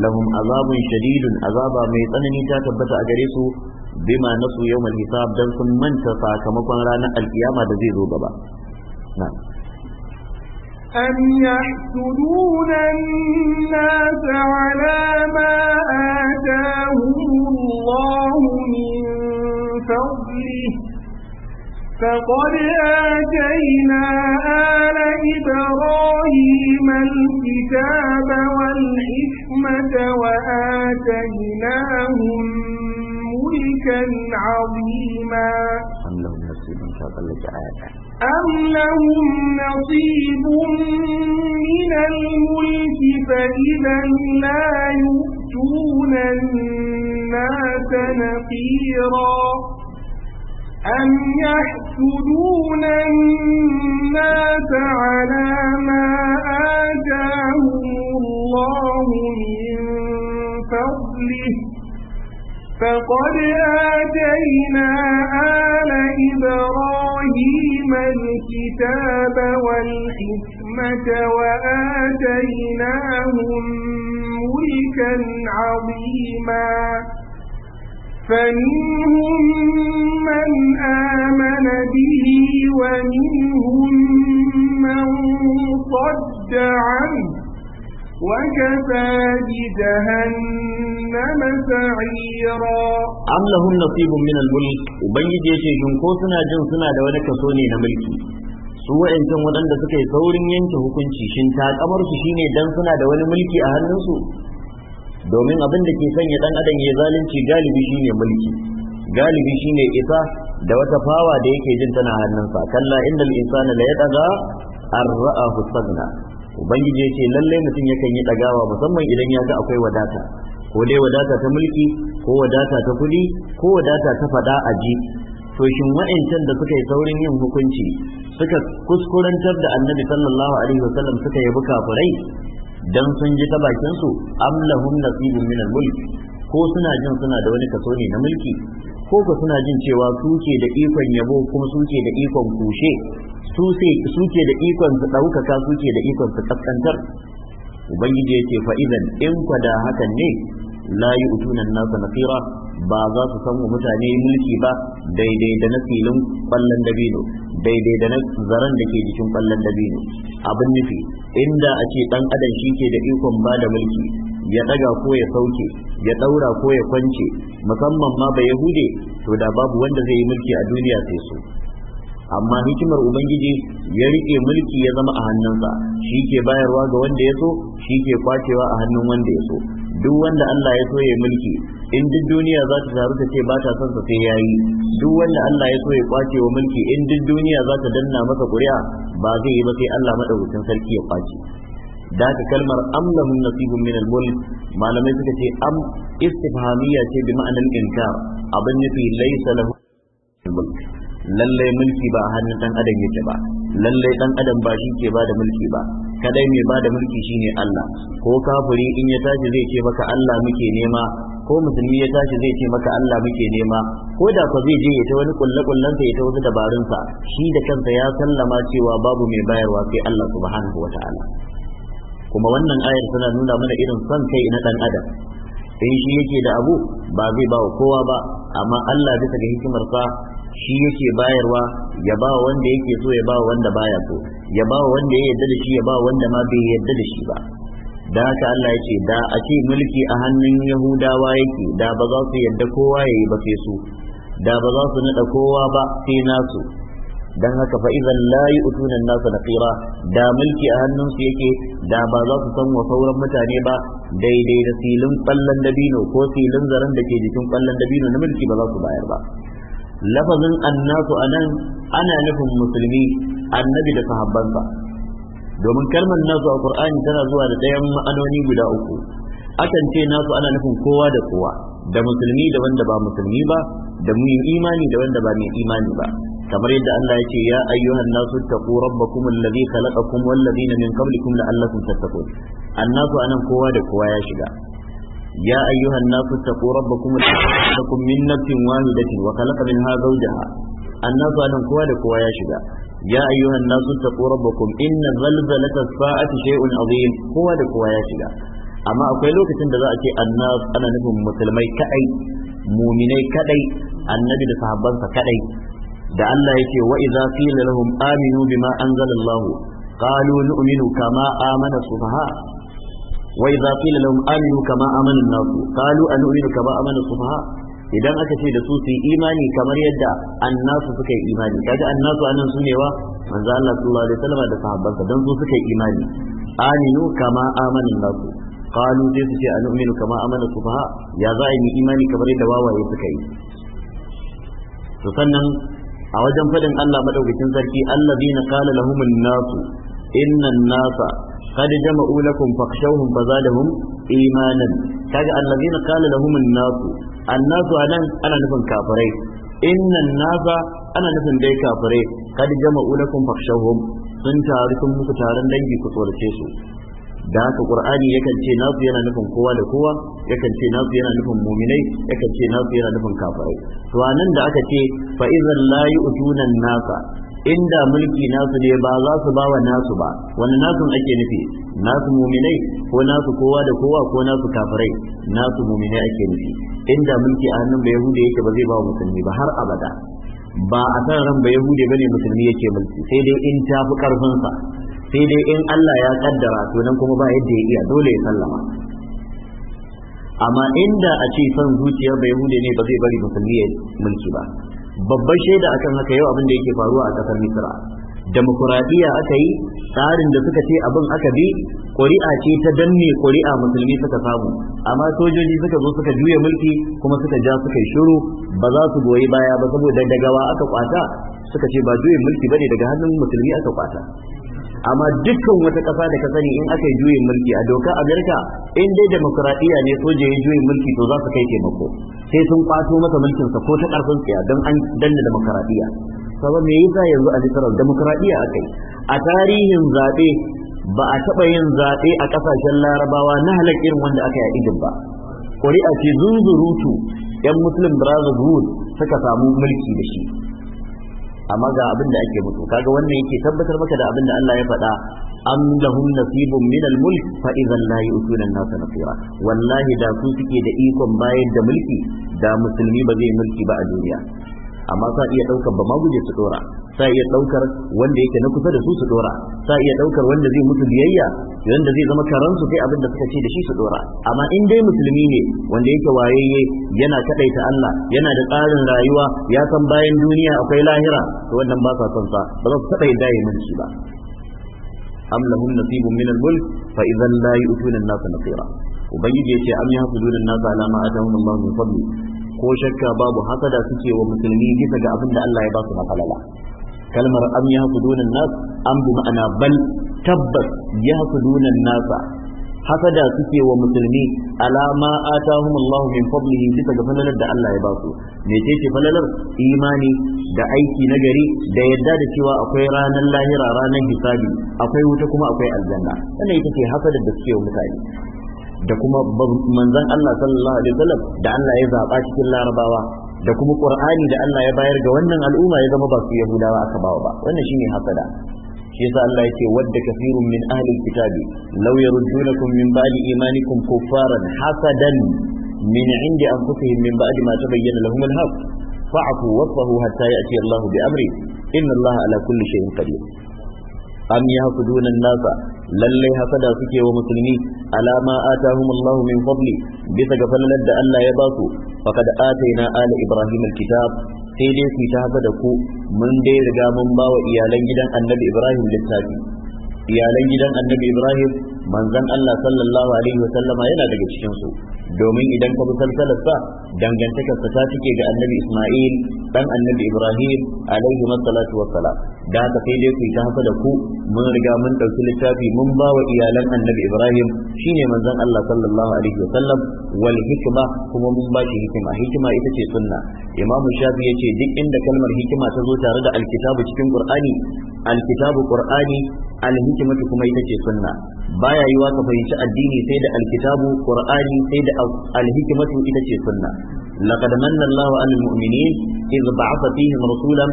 لهم عذاب شديد عذاب ميطن نتا تبتا أجريسو بما نصوا يوم الحساب دن من تفا كما قلنا رانا القيامة دزيزو بابا نعم أم يحسدون الناس على ما آتاهم الله من فضله فقد آتينا آل إبراهيم الكتاب والحكمة وآتيناهم ملكا عظيما أم لهم نصيب آية. أم لهم نصيب من الملك فإذا لا يؤتون الناس نقيرا أم يحسدون الناس على ما آتاهم الله من فضله فقد آتينا آل إبراهيم الكتاب والحكمة وآتيناهم ملكا عظيما فمنهم من آمن به ومنهم من صد عنه وكفى بجهنم سعيرا أم لهم نصيب من الملك وبنجد يشي جنكوسنا جنسنا دولك سوني نملكي su wa'ancan waɗanda suka yi saurin yanke hukunci shin ta kamar su shine dan suna da wani mulki a hannunsu domin abin da ke sanya dan adam ya zalunci galibi shine mulki galibi shine isa da wata fawa da yake jin tana hannunsa kalla innal insana la yadaga arra'ahu sagna ubangiji yace lalle mutum yakan yi dagawa musamman idan ya ga akwai wadata ko dai wadata ta mulki ko wadata ta kudi ko wadata ta fada ji, to shin wa'ancan da suka yi saurin yin hukunci suka kuskurantar da annabi sallallahu alaihi wasallam suka yabi dan sun ji ta bakin su am nasibun min al-mulk ko suna jin suna da wani kaso ne na mulki ko ko suna jin cewa su ke da ikon yabo kuma su ke da ikon kushe su ke da ikon su ɗaukaka su ke da ikon su kaskantar ubangiji ya ce fa'idan in kwada hakan ne la yu'tuna an-nasa nasira ba za su san wa mutane mulki ba daidai da na filin ƙwallon dabino daidai da na zaren da ke jikin kwallon dabino abin nufi inda a ce dan adam shi ke da ikon ba da mulki ya ɗaga ko ya sauke ya ɗaura ko ya kwance musamman ma ba yahude to da babu wanda zai yi mulki a duniya sai su amma hikimar ubangiji ya riƙe mulki ya zama a hannunsa shi ke bayarwa ga wanda ya so shi ke kwacewa a hannun wanda ya so duk wanda Allah ya so ya mulki in duk duniya za ta taru ta ce ba ta son sa sai yayi duk wanda Allah ya so ya kwace wa mulki in duk duniya za ta danna masa ƙuri'a ba zai yi ba sai Allah madaukakin sarki ya kwace da ka kalmar am lahum nasibun min al-mulk malamai suka ce am istifhamiyya ce bi ma'anar inkar abin nufi laysa lahu mulk lallai mulki ba a hannun dan adam yake ba lallai dan adam ba shi ke bada mulki ba kadai mai bada mulki shine Allah ko kafiri in ya tashi zai ce maka Allah muke nema ko musulmi ya tashi zai ce maka Allah muke nema ko da ko zai je ya ta wani kulle kullun sa ya ta wasu dabarun sa shi da kansa ya sallama cewa babu mai bayarwa sai Allah subhanahu wataala kuma wannan ayar tana nuna mana irin son kai na dan adam in shi yake da abu ba zai ba kowa ba amma Allah bisa ga hikimarsa shi yake bayarwa ya ba wanda yake so ya ba wanda baya so ya ba wanda ya yarda da shi ya ba wanda ma bai yarda da shi ba da haka Allah ya ce da a ce mulki a hannun Yahudawa yake da ba za su yarda kowa ya yi ba sai su da ba za su nada kowa ba sai nasu dan haka fa idan la yu'tuna an-nasa naqira da mulki a hannun hannunsu yake da ba za su san wa sauran mutane ba daidai da filin kwallon dabino ko filin zaren da ke jikin kwallon dabino na mulki ba za su bayar ba lafazin annasu anan ana nufin musulmi annabi da sahabbansa domin kalmar nasu a qur'ani tana zuwa da ɗayan ma'anoni guda uku akan ce nasu ana nufin kowa da kowa da musulmi da wanda ba musulmi ba da mai imani da wanda ba mai imani ba kamar yadda Allah ya ce ya ayyuhan nasu taqu rabbakum alladhi khalaqakum wal ladina min qablikum la'allakum tattaqun annasu anan kowa da kowa ya shiga يا أيها الناس اتقوا ربكم لكم من نفس واحدة وخلق منها زوجها الناس أنا كوالك ويا يا أيها الناس اتقوا ربكم إن زلزلة الساعة شيء عظيم كوالك ويا شدا amma akwai lokacin da za a ce annas ana nufin musulmai kadai muminai kadai annabi da sahabbansa kadai da Allah yake wa idza qila lahum aminu bima anzala Allah qalu nu'minu kama amana sufaha وإذا قيل لهم آمنوا كما آمن الناس قالوا أنؤمن كما آمن السفهاء idan aka ce da su su yi imani kamar yadda annasu suka yi imani kaga annasu anan su ne wa manzo Allah sallallahu alaihi wasallam da sahabbansa dan su suka yi imani aminu kama Amanin nasu qalu sai su ce anu'minu kama amana sufaha ya za a yi imani kamar yadda wawaye suka yi to sannan a wajen fadin Allah madaukakin sarki allazina qala lahumun nasu innan nasa قد جمعوا لكم فاخشوهم فزادهم إيمانا كذا الذين قال لهم الناس الناس أنا أنا نفهم كافرين إن الناس أنا نفهم دي كافرين قد جمعوا لكم فاخشوهم sun taru sun muku taron dangi ku tsorace su da haka qur'ani yakan ce nasu yana nufin kowa da kowa yakan ce nasu yana nufin muminai yakan ce nasu yana nufin kafirai to anan da aka ce fa idzan la yu'tuna nasa inda mulki nasu ne ba za su ba wa nasu ba wani nasu ake nufi nasu muminai ko nasu kowa da kowa ko nasu kafirai nasu muminai ake nufi inda mulki a hannun ba yake ba zai ba wa musulmi ba har abada ba a san ran ba ne musulmi yake mulki sai dai in ta fi karfinsa sai dai in Allah ya kaddara to kuma ba yadda ya iya dole ya sallama amma inda a ce son zuciyar ba hude ne ba zai bari musulmi ya mulki ba babban shaida akan haka yau abinda da yake faruwa a ƙasar misra demokuraɗiyya aka yi tsarin da suka ce abin aka bi ƙuri'a ce ta danne ƙuri'a musulmi suka samu amma sojoji suka zo suka juya mulki kuma suka ja suka yi shiru ba za su goyi baya ba saboda dagawa aka kwata suka ce ba juya mulki bane daga hannun musulmi aka kwata amma dukkan wata ƙasa da ka sani in aka yi juyin mulki a doka amerika in dai demokuraɗiyya ne soja ya juyin mulki to za su kai taimako sai sun kwato masa mulkinsa ko ta ƙarfin tsaya don an danna demokuraɗiyya me yasa yanzu a literal demokuraɗiyya akai a tarihin zaɓe ba a taɓa yin zaɓe a ƙasashen larabawa na halak irin wanda aka yi a ba ƙuri'a ce zunzurutu 'yan muslim brotherhood suka samu mulki da shi amma ga abin da ake mutu kaga wannan yake tabbatar maka da abin da Allah ya faɗa am lahum nasibun min al-mulk fa idhan la yu'tuna an-nas nasira wallahi da su suke da ikon bayar da mulki da musulmi ba zai mulki ba a duniya amma sa iya daukar ba maguje su dora sa iya daukar wanda yake na kusa da su su dora sa iya daukar wanda zai mutu biyayya wanda zai zama karan su kai abin da suka ce da shi su dora amma in dai musulmi ne wanda yake wayayye yana kadaita Allah yana da tsarin rayuwa ya san bayan duniya akwai lahira to wannan ba sa son sa ba za su taba yadda ya mulki ba am lahum nasibun min al-mulk fa idhan la yu'tuna an-nasa nasira ubangiji ce am yahsuduna an-nasa ala ma atahum Allah min fadli ko shakka babu hasada suke wa musulmi bisa ga abin da Allah ya ba su na falala kalmar am ya dunan nasu, am bi ma'ana bal tabbas ya dunan nasa hasada suke wa musulmi alama atahum Allah min fadlihi bisa ga falalar da Allah ya ba su mecece falalar imani da aiki na gari da yadda da cewa akwai ranar lahira ranar hisabi akwai wuta kuma akwai aljanna wannan ita ce hasadar da suke wa mutane da kuma manzon Allah sallallahu alaihi wasallam da Allah ya zaba cikin larabawa da kuma qur'ani da Allah ya bayar ga wannan al'umma ya zama ba su yahudawa aka bawa ba wannan shine hasada shi yasa Allah yake wadda kafirun min ahli kitabi law yaruddunakum min ba'di imanikum kuffaran hasadan min indi anfusihim min ba'di ma tabayyana lahum al-haqq fa'fu wasfahu hatta ya'ti Allah bi amri inna Allah ala kulli shay'in qadir am haku an-nasa lallai hasada suke wa musulmi alama atahum Allahu min fadli bisa ga fallalar da Allah ya ba su faqad ataina ala ibrahim alkitab sai dai ku ta hasada ku mun dai riga mun ba wa iyalan gidan annabi ibrahim littafi iyalan gidan annabi ibrahim manzon Allah sallallahu alaihi wa sallama yana daga cikin su domin idan ka bi salsalarsa dangantakarsa ta cike ga annabi isma'il dan annabi ibrahim alaihi wassalatu wassalam da haka sai dai ku ta haka da ku mun riga mun dauki littafi mun ba wa iyalan annabi ibrahim shine manzon Allah sallallahu alaihi wasallam wal hikma kuma mun ba shi hikima hikima ita ce sunna imam shafi yace duk inda kalmar hikima ta zo tare da alkitabu cikin qur'ani alkitabu qur'ani alhikmatu kuma ita ce sunna baya yiwa ka fahimci addini sai da alkitabu qur'ani sai da alhikmatu ita ce sunna laqad manna Allahu 'alal mu'minin إذ إذ بعث فيهم رسولا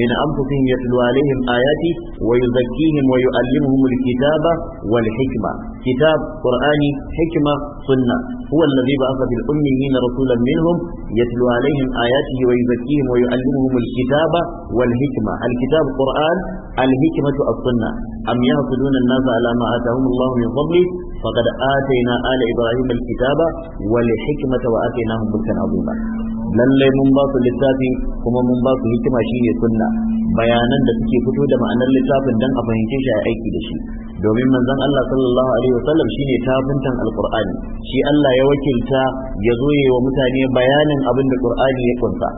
من أنفسهم يتلو عليهم آياتي ويزكيهم ويعلمهم الكتاب والحكمة كتاب قرآني حكمة سنة هو الذي بعث في الأميين رسولا منهم يتلو عليهم آياته ويزكيهم ويعلمهم الكتاب والحكمة الكتاب قرآن الحكمة السنة أم يحصدون الناس على ما آتاهم الله من فضله فقد آتينا آل إبراهيم الكتاب والحكمة وآتيناهم ملكا عظيما lallai mun ba su littafi kuma mun ba su hikima shine sunna bayanan da suke fito da ma'anar littafin dan a fahimce shi a aiki da shi domin manzon Allah sallallahu alaihi wasallam shine tabuntan alqur'ani shi Allah ya wakilta ya zo wa mutane bayanin abin da qur'ani ya kunsa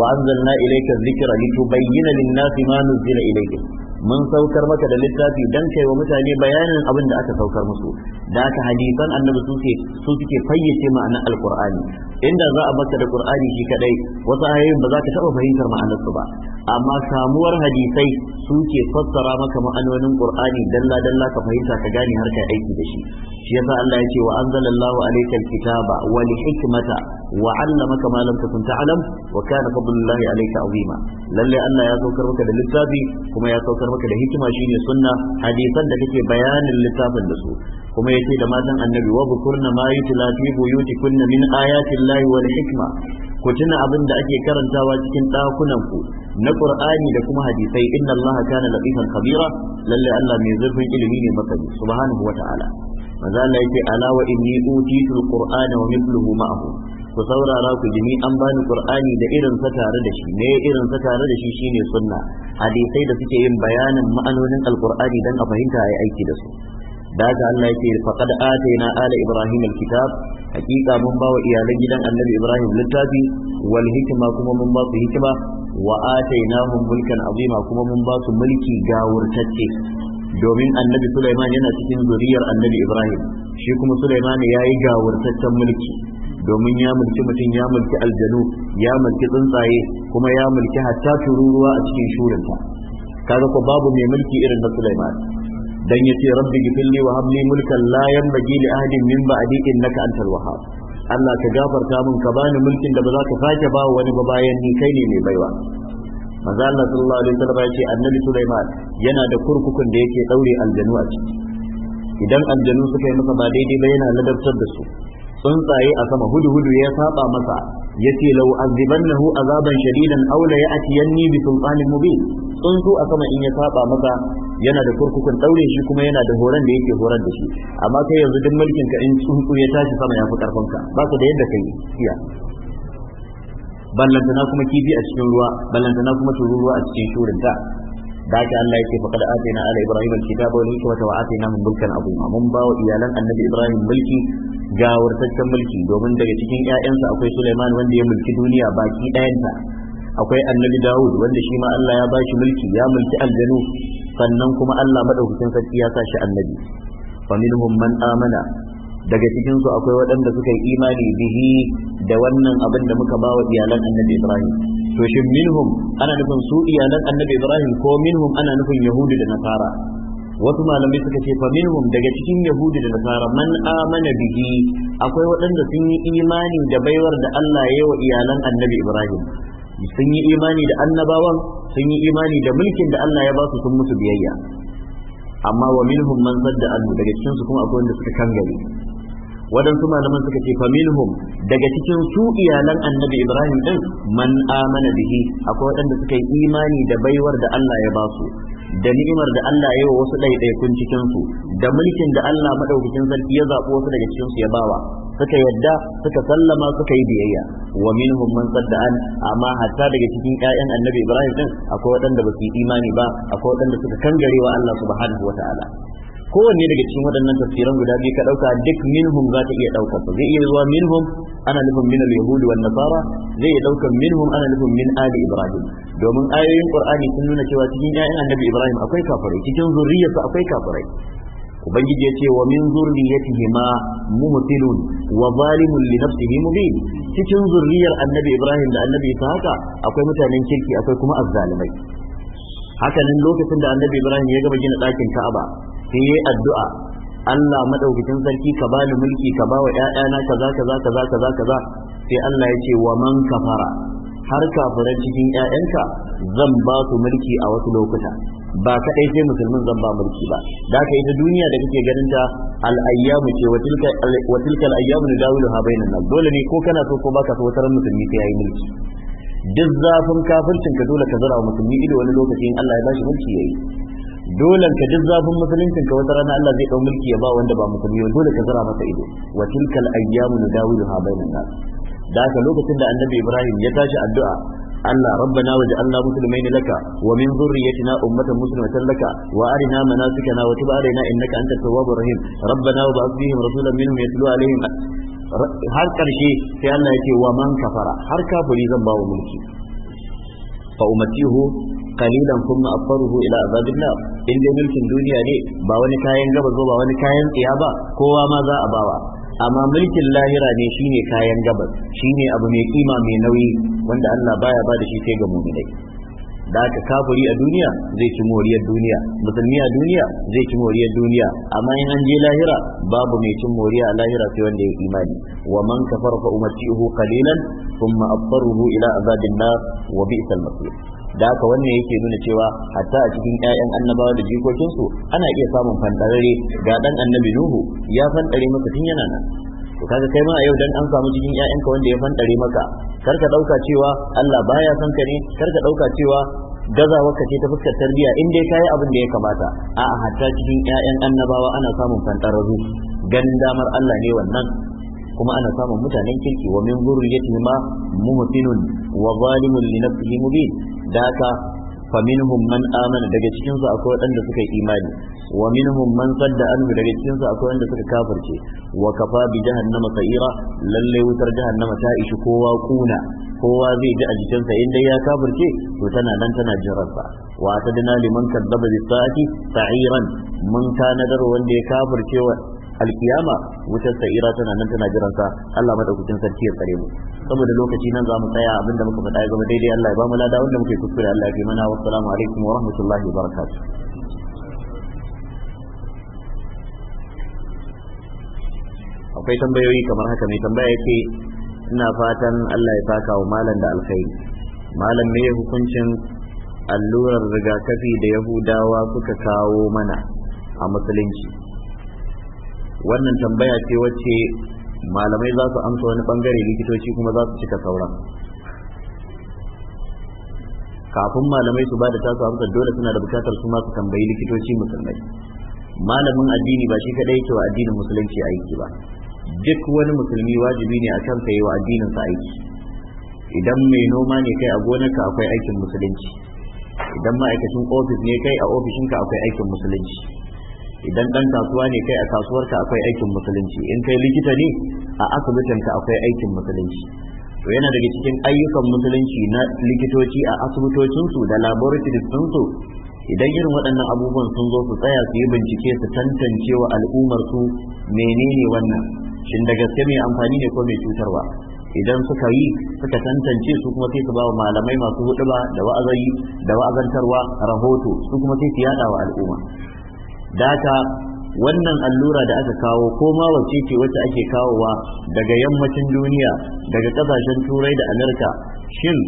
wa anzalna ilayka dhikra litubayyana lin-nasi ma nuzila ilayhim mun saukar maka da littafi dan kai wa mutane bayanin abin da aka saukar musu da aka hadisan annabi su ke su suke fayyace ma'anar alqur'ani inda za a baka da qur'ani shi kadai wasu ayoyin ba za ka taba fahimtar ma'anar su ba amma samuwar hadisai su ke fassara maka ma'anonin qur'ani dalla dalla ka fahimta ka gane har kai aiki da shi shi yasa Allah ya ce wa anzalallahu alaykal kitaba wal hikmata وعلمك ما لم تكن تعلم وكان فضل الله عليك عظيما lalle Allah ya saukar maka da littafi kuma ya saukar maka da hikima shine sunna hadisan da kake bayanin lissafin dasu. su kuma yace da matan annabi wa bukurna ma yutla fi buyutikunna min ayati llahi wal hikma ku tuna abin da ake karantawa cikin ɗakunan ku na Qur'ani da kuma hadisai inna Allah kana latifan khabira lallai Allah mai zurfin ilimi ne masani subhanahu wa ta'ala maza Allah yake ala wa inni utitul ku saurara ku jini an bani qur'ani da irin sa tare da shi me irin sa tare da shi shine sunna hadisai da suke yin bayanin ma'anonin alqur'ani dan a fahimta ayi aiki da su da haka Allah yake faqad ataina ala ibrahim alkitab hakika mun ba wa iyalan gidan annabi ibrahim littafi wal hikma kuma mun ba su hikma wa atainahum mulkan azima kuma mun ba su mulki gawurtacce domin annabi Sulaiman yana cikin zuriyar annabi Ibrahim shi kuma Sulaiman ya yi gawurtaccen mulki domin ya mulki mutum ya mulki aljanu ya mulki tsuntsaye kuma ya mulki hatta tururuwa a cikin shurinta kaga ko babu mai mulki irin na Sulaiman dan yace rabbi gifilli wa habli mulkan la yanbaghi li ahadin min ba'di innaka antal wahhab Allah ka gafarta min ka bani mulkin da ba za ka sake ba wani ba bayan ni kai ne mai baiwa manzo Allah sallallahu alaihi wasallam yace annabi Sulaiman yana da kurkukun da yake daure aljanu a ciki idan aljanu suka yi masa ba daidai ba yana ladabtar da su tsuntsaye a sama hudu-hudu ya saba masa ya ce lau azibannahu azaban shadidan aula ya yanni bi sultanin mubin tsuntsu a sama in ya saba masa yana da kurkukun daure shi kuma yana da horon da yake horar da shi amma kai yanzu duk mulkin ka in tsuntsu ya tashi sama ya fi karfin ka ba ka da yadda kai iya ballantana kuma kifi a cikin ruwa ballantana kuma ruwa a cikin shurinta daga Allah yake faqad atina ala ibrahim alkitaba wal hikmata wa atainahu mulkan azima mun ba wa iyalan annabi ibrahim mulki ga wartaccen mulki domin daga cikin ƴaƴansa akwai Sulaiman wanda ya mulki duniya baki ɗayanta akwai annabi Dawud wanda shi ma Allah ya bashi mulki ya mulki aljanu sannan kuma Allah madaukakin sarki ya sa shi annabi fa minhum man amana daga cikin su akwai waɗanda suka yi imani bihi da wannan abin da muka ba wa iyalan annabi Ibrahim to shin minhum ana nufin su iyalan annabi ibrahim ko minhum ana nufin yahudu da nasara wasu malamai suka ce fa minhum daga cikin yahudu da nasara man amana bihi akwai waɗanda sun yi imani da baiwar da Allah ya yi wa iyalan annabi ibrahim sun yi imani da annabawan sun yi imani da mulkin da Allah ya ba su sun mutu biyayya amma wa minhum man sadda anhu daga cikin su kuma akwai wanda suka kangare waɗansu malaman suka ce faminhum daga cikin su iyalan annabi ibrahim din man amana bihi akwai waɗanda suka yi imani da baiwar da allah ya ba su da ni'imar da allah ya yi wa wasu ɗaiɗaikun cikin su da mulkin da allah maɗaukakin sarki ya zaɓi wasu daga cikin su ya bawa suka yadda suka sallama suka yi biyayya wa minhum man an, amma hatta daga cikin ƴaƴan annabi ibrahim din akwai waɗanda ba su yi imani ba akwai waɗanda suka wa allah subhanahu wataala kowanne daga cikin waɗannan tafsiran guda biyu ka ɗauka duk minhum za ta iya ɗauka zai iya zuwa minhum ana nufin min al-yahudi wan nasara zai iya ɗauka minhum ana nufin min ali ibrahim domin ayoyin qur'ani sun nuna cewa cikin ƴaƴan annabi ibrahim akwai kafirai cikin zurriyarsa akwai kafirai ubangiji ya ce wa min zurriyatihima muhsinun wa zalimun li nafsihi mubin cikin zurriyar annabi ibrahim da annabi ishaqa akwai mutanen kirki akwai kuma azzalimai Hakanan lokacin da annabi ibrahim ya gama gina ɗakin ka'aba sai yayi addu'a Allah madaukakin sarki ka bani mulki ka ba wa ƴaƴana kaza kaza kaza kaza kaza sai Allah ya ce wa man kafara har kafiran cikin ƴaƴanka zan ba su mulki a wasu lokuta ba kadai sai musulmin zan ba mulki ba da ka ita duniya da kake ganin ta al-ayyamu ce wa tilka al-ayyamu nadawiluha bainan nas dole ne ko kana so ko baka so wataran musulmi sai yayi mulki duk zafin kafircin ka dole ka zara wa musulmi ido wani lokacin Allah ya bashi mulki yayi dolan ka duk zafin musuluncin ka wata rana Allah zai dau mulki ya ba wanda ba musulmi ba dole ka zara masa ido wa tilkal ayyamu nudawiluha bainan nas da ka lokacin da annabi Ibrahim ya tashi addu'a Allah rabbana waj'alna muslimin laka wa min dhurriyyatina ummatan muslimatan laka wa arina manasikana wa tub alaina innaka antat tawwabur rahim rabbana wa ba'ath fihim rasulan minhum yatlu alaihim har karshe sai Allah yake wa man kafara har kafiri zan ba wa mulki fa umatihu qalilan kuma afaruhu ila azabillah in mulkin duniya ne ba wani kayan gaba zo ba wani kayan tsiya ba kowa ma za a bawa amma mulkin lahira ne shine kayan gabas shine abu mai kima mai nauyi wanda Allah baya ba da shi sai ga mu'minai da aka kafuri a duniya zai ci moriyar duniya musulmi a duniya zai ci moriyar duniya amma in an je lahira babu mai cin moriya a lahira sai wanda ya imani wa man kafara fa umatihu qalilan thumma abtaruhu ila azabin nar wa bi'sal masir da haka wannan yake nuna cewa hatta a cikin 'ya'yan annabawa da jikokinsu ana iya samun fandarare ga dan annabi nuhu ya fandare masa tun yana nan to kaga kai ma a yau dan an samu cikin ƴaƴanka wanda ya fandare maka karka ka dauka cewa Allah baya son ka ne kar dauka cewa gazawa ka ce ta fuskar tarbiyya in ya kai abin da ya kamata a'a hatta cikin ƴaƴan annabawa ana samun fantararru ganin damar Allah ne wannan kuma ana samun mutanen kirki wa min zurriyyati ma muhsinun wa zalimun li nafsihi mubin da fa minhum man amana daga cikin su akwai waɗanda suka yi imani wa minhum man sadda anhu daga cikin su akwai waɗanda suka kafirce wa kafa bi jahannama sa'ira lalle wutar jahannama ta ishi kowa kuna kowa zai ji a jikinsa in dai ya kafirce to tana nan tana jirarsa wa atadna liman kadzaba bis sa'ati sa'iran mun tanadar wanda ya kafirce alkiyama wutar sa'ira tana nan tana jiran sa Allah madaukakin sarki ya tsare mu saboda lokaci nan za mu tsaya abinda muka faɗa ya zama daidai Allah ya ba mu lada wanda muke kuskure Allah ya mana wa assalamu alaikum wa rahmatullahi wa barakatuh akwai tambayoyi kamar haka mai tambaya yake ina fatan Allah ya saka wa malam da alkhairi malam me hukuncin allurar rigakafi da yahudawa suka kawo mana a musulunci wannan tambaya ce wacce malamai za su amsa wani bangare likitoci kuma za su cika sauran kafin malamai su ba da tasu amsa dole suna da bukatar su masu tambayi likitoci musulmai malamin addini ba shi kadai ke wa addinin musulunci aiki ba duk wani musulmi wajibi ne a kansa yi wa addininsa aiki idan mai noma ne kai a gonarka akwai aikin musulunci idan ma'aikacin ofis ne kai a ofishinka akwai aikin musulunci idan dan kasuwa ne kai a kasuwarka akwai aikin musulunci in kai likita ne a asibitinka akwai aikin musulunci to yana daga cikin ayyukan musulunci na likitoci a asibitocinsu da laboratories su idan irin waɗannan abubuwan sun zo su tsaya su yi bincike su tantance wa al'ummar su menene wannan shin da gaske mai amfani ne ko mai cutarwa idan suka yi suka tantance su kuma sai su ba malamai masu huduba da wa'azi da wa'azantarwa rahoto su kuma sai su yada wa al'umma data wannan allura da aka kawo ko ma wace ce wacce ake kawowa daga yammacin duniya daga kasashen turai da amurka shin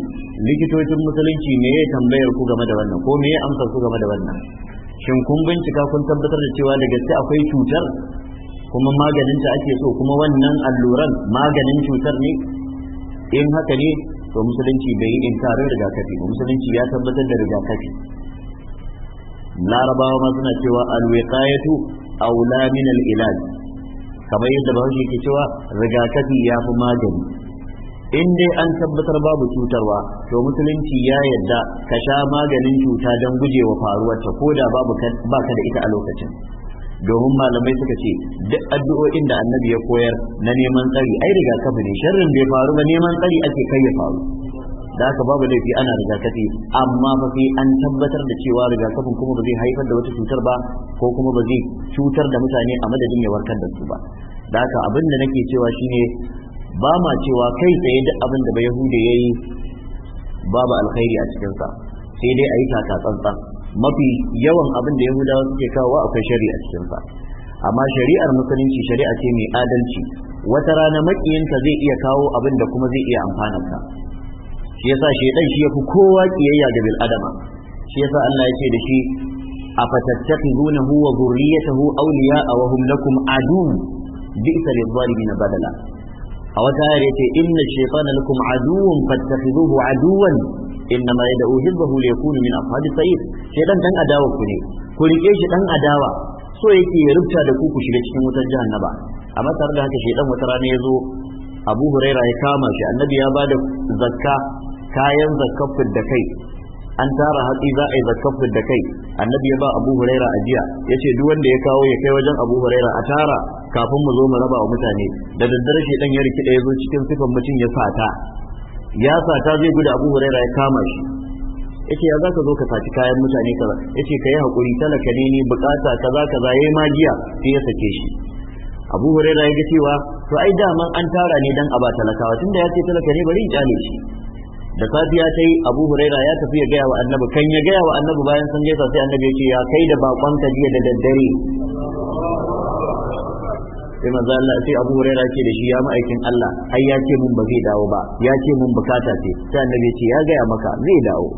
likitocin musulunci me ya tambayar ku game da wannan ko me ya amsa ku game da wannan shin kun bincika kun tabbatar da cewa da gaske akwai cutar kuma maganin ta ake so kuma wannan alluran maganin cutar ne in haka ne to musulunci bai yi inkarin rigakafi ba musulunci ya tabbatar da rigakafi larabawa ma suna cewa alwiqayatu aula min al-ilaj kamar yadda ba ke cewa rigakafi ya fi magani in dai an tabbatar babu cutarwa to musulunci ya yadda ka sha maganin cuta don gujewa faruwarta ko da babu ba da ita a lokacin domin malamai suka ce duk addu'o'in da annabi ya koyar na neman tsari ai rigakafi ne sharrin bai faru ba neman tsari ake kai ya faru da haka babu laifi ana rigakafi amma ba sai an tabbatar da cewa rigakafin kuma ba zai haifar da wata cutar ba ko kuma ba zai cutar da mutane a madadin ya warkar da su ba da haka abin da nake cewa shine ba ma cewa kai tsaye duk abin da bai ya yayi babu alkhairi a cikinsa sai dai a yi taka tsantsan mafi yawan abin da yahudawa suke kawo akwai shari'a cikinsa amma shari'ar musulunci shari'a ce mai adalci wata rana makiyinta zai iya kawo abin da kuma zai iya amfanarsa shi yasa shaidan shi yafi kowa kiyayya ga bil adama shi yasa Allah ce da shi a afatattakhizunahu wa dhurriyyatahu awliya'a wa hum lakum adu bi'sa lidh-dhalimin badala a wata ayar yace inna shaytana lakum aduwwun fattakhizuhu aduwwan inna ma yad'u hizbahu liyakunu min ashabi sa'ir shaytan dan adawa ku ne ku rike shi dan adawa so yake ya rubuta da ku ku shiga cikin wutar jahannaba amma tare da haka shaytan wata rana ya zo abu huraira ya kama shi annabi ya bada zakka kayan zakafin da kai an tara hatsi za a yi zakafin da kai annabi ya ba abu huraira jiya, ya ce duk wanda ya kawo ya kai wajen abu huraira a tara kafin mu zo mu raba wa mutane da daddare shi dan ya rikida ya zo cikin sifan mutum ya sata ya sata zai gudu abu huraira ya kama shi yace ya zaka zo ka saci kayan mutane kaza ka yi hakuri talaka ne ni bukata kaza kaza yayi magiya sai ya sake shi Abu huraira ya ga cewa to ai daman an tara ne dan ba talakawa tunda ya ce talaka ne bari in kyale shi da safiya ta yi abu huraira ya tafi ya gaya wa annabi kan ya gaya wa annabi bayan sun gaisa sai annabi ya ce ya kai da bakon ka jiya da daddare sai manzo Allah sai abu huraira ce da shi ya ma'aikin Allah ai ya ce mun ba zai dawo ba ya ce mun bukata ce sai annabi ya ce ya gaya maka zai dawo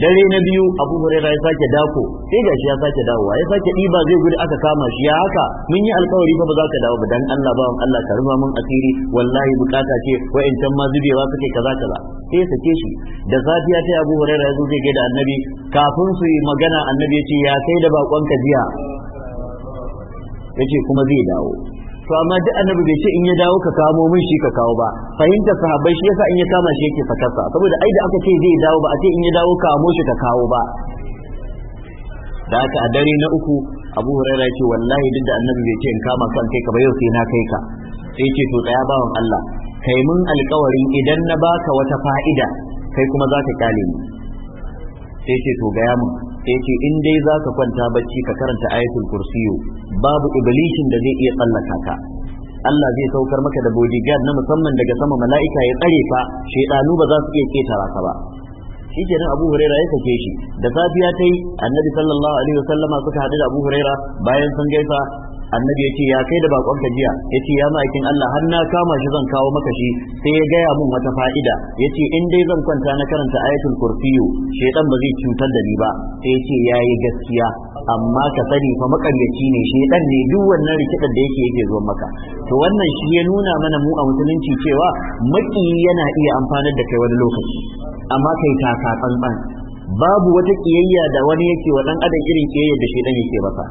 dare na biyu abu huraira ya sake dako sai gashi ya sake dawowa ya sake ba zai gudu aka kama shi ya haka mun yi alkawari fa ba za ka dawo ba dan Allah bawan Allah ka rufa mun asiri wallahi bukata ce wa'incan ma zubewa suke kaza kaza sai ya sake shi da safiya ta abu huraira ya zo zai gaida annabi kafin su yi magana annabi ya ce ya kai da bakonka jiya yace kuma zai dawo to amma duk annabi bai ce in ya dawo ka kamo min shi ka kawo ba fahimtar sahabbai shi yasa in ya kama shi yake fatarsa saboda ai da aka ce zai dawo ba a ce in ya dawo ka kamo shi ka kawo ba da aka a dare na uku abu huraira ce wallahi duk da annabi bai ce in kama kan kai ka ba yau sai na kai ka sai ce to tsaya bawan Allah kai mun alkawarin idan na baka wata fa'ida kai kuma za ka kyale ni sai ce to gaya mun sai ce in dai za ka kwanta bacci ka karanta ayatul kursiyo babu iblishin da zai iya tsallaka ka Allah zai saukar maka da bodyguard na musamman daga sama mala'ika ya tsare fa shaidanu ba za su iya ketara ka ba shi kenan Abu Huraira ya sake shi da safiya ta yi Annabi sallallahu alaihi wasallama suka haɗu da Abu Huraira bayan sun gaisa annabi ce ya kai da bakon jiya. Ya ce ya ma'aikin Allah har na kama shi zan kawo maka shi sai ya gaya mun wata fa'ida yace in dai zan kwanta na karanta ayatul kursiyu shedan ba zai cutar da ni ba sai yace yayi gaskiya amma ka sani fa makaryaci ne shedan ne duk wannan rikidar da yake yake zo maka to wannan shi ya nuna mana mu a musulunci cewa maki yana iya amfanar da kai wani lokaci amma kai ta tsantsan babu wata kiyayya da wani yake wa dan adam irin kiyayya da shedan yake masa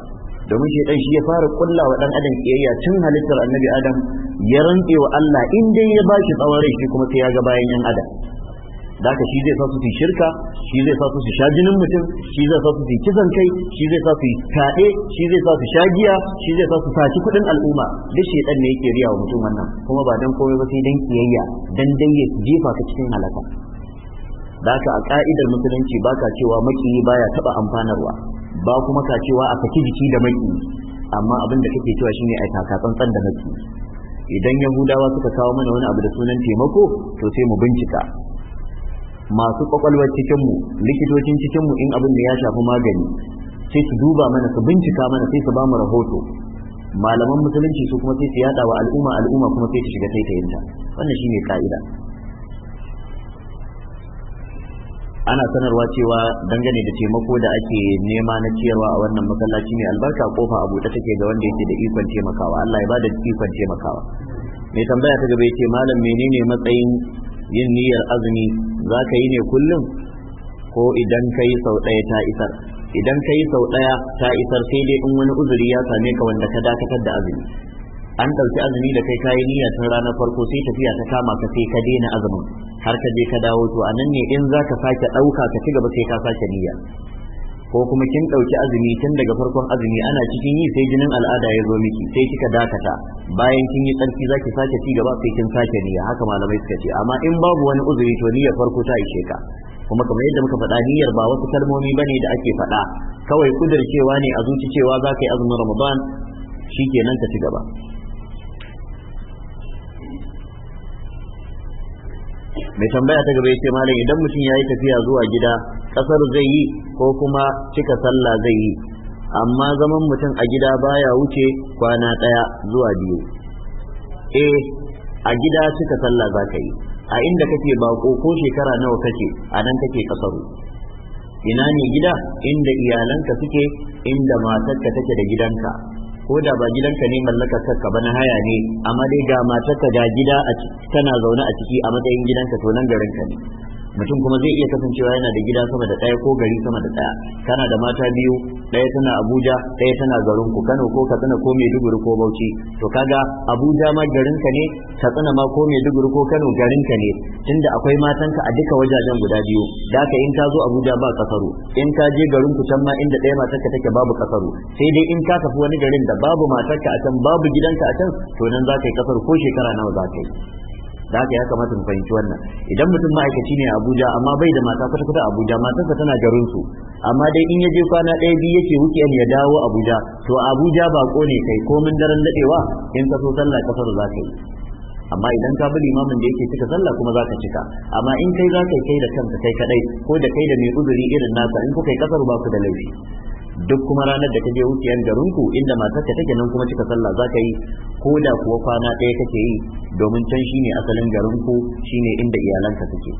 domin shaitan shi ya fara kulla wa dan adam kiyayya tun halittar annabi adam ya rantse wa Allah in dai ya ba shi tsawon rai shi kuma sai ya ga bayan yan adam daka shi zai sa su shirka shi zai sa su sha jinin mutum shi zai sa su kisan kai shi zai sa su kaɗe shi zai sa su sha giya shi zai sa su saci kuɗin al'umma duk shaitan ne yake riya wa mutum wannan kuma ba dan komai ba sai dan kiyayya dan dai ya jefa ka cikin halaka daka a ka'idar musulunci baka cewa makiyi baya taba amfanarwa ba kuma ka cewa a saki jiki da maki amma abin da kake cewa shine a taka tsantsan da maki idan yahudawa suka kawo mana wani abu da sunan taimako to sai mu bincika masu kwakwalwar cikinmu likitocin cikin mu in abin da ya shafi magani sai su duba mana su bincika mana sai su ba mu rahoto malaman musulunci su kuma sai su yada wa al'umma al'umma kuma sai su shiga taitayinta wannan shine ka'ida ana sanarwa cewa dangane da taimako da ake nema na ciyarwa a wannan masallaci ne, albarka kofa a buɗe take ga wanda yake da ikon taimakawa Allah ya bada ikon taimakawa mai tambaya ta gaba yace malam menene matsayin yin niyyar azumi za ka yi ne kullum ko idan ka yi sau ɗaya ta isar idan ka yi sau ɗaya ta isar sai dai in wani uzuri ya same ka wanda ka dakatar da azumi an ɗauki azumi da kai kayi niyya tun ranar farko sai tafiya ta kama ka sai ka daina azumin har ka je ka dawo to anan ne in za ka sake ɗauka ka ci gaba sai ka sake niyya ko kuma kin ɗauki azumi tun daga farkon azumi ana cikin yi sai jinin al'ada ya zo miki sai kika dakata bayan kin yi tsarki zaki sake ci gaba sai kin sake niyya haka malamai suka ce amma in babu wani uzuri to niyyar farko ta ishe ka kuma kamar yadda muka faɗa niyyar ba wasu kalmomi bane da ake faɗa kawai cewa ne a zuci cewa za ka yi azumin ramadan Shi shikenan ka ci gaba mai tambaya ta gaba ya ce malam idan mutum ya yi tafiya zuwa gida kasar zai yi ko kuma cika sallah zai yi amma zaman mutum a gida baya wuce kwana ɗaya zuwa biyu e a gida cika sallah za ka yi a inda kake bako ko shekara nawa kake a nan kake kasaru ina ne gida inda iyalanka suke inda matarka take da gidanka ko da ba gidanka ne mallaka kanka ba na haya ne amma dai ga matarka ga gida a tana zaune a ciki a matsayin gidanka to nan garinka ne mutum kuma zai iya kasancewa yana da gida sama da ɗaya ko gari sama da ɗaya kana da mata biyu ɗaya tana abuja ɗaya tana garin ku kano ko katsina ko maiduguri ko bauchi to kaga abuja ma garin ka ne katsina ma ko maiduguri ko kano garin ka ne tunda akwai matanka a duka wajajen guda biyu da haka in ka zo abuja ba kasaro in ka je garin ku can ma inda ɗaya matarka take babu kasaro sai dai in ka tafi wani garin da babu matarka a can babu gidanka a can to nan za ka yi kasaro ko shekara nawa za ka yi da haka ya kamata mu fahimci wannan idan mutum ma'aikaci ne a Abuja amma bai da mata kwata kwata Abuja matarsa tana garin su amma dai in ya je kwana ɗaya biyu yake weekend ya dawo Abuja to Abuja ba ne kai komin daren daɗewa in ka so sallah ƙasar za ka yi amma idan ka bi limamin da yake cika sallah kuma za ka cika amma in kai za zaka kai da kanka kai kaɗai ko da kai da mai uzuri irin nasa in kuka yi kasar ba ku da laifi duk kuma ranar da je wuciyar garinku inda matarka take nan kuma cika sallah za ka yi ko da kuwa kwana ɗaya kake yi domin can shine asalin garinku shine inda iyalanka suke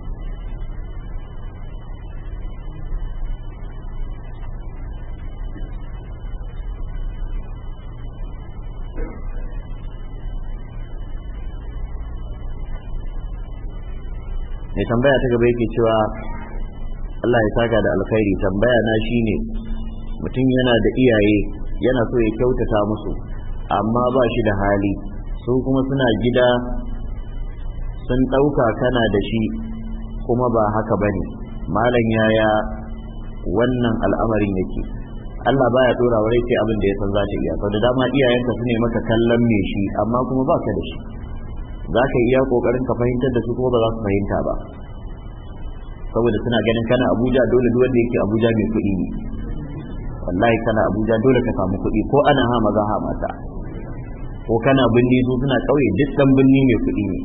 mai tambaya ta gaba yake cewa Allah ya saka da alkhairi tambaya na shine mutum yana da iyaye yana so ya kyautata musu amma ba shi da hali su kuma suna gida sun ɗauka kana da shi kuma ba haka ba ne malam yaya wannan al'amarin yake Allah baya ya tura rai sai abin da ya san za ta iya sau da dama iyayenka su ne maka kallon mai shi amma kuma ba ka da shi za ka iya kokarin ka fahimtar da su kuma ba za su fahimta ba saboda suna ganin kana Abuja dole duk yake Abuja mai kuɗi wallahi kana abuja dole ka samu kuɗi ko ana ha maza ha mata ko kana binni su suna ƙauye duk dan binni mai kuɗi ne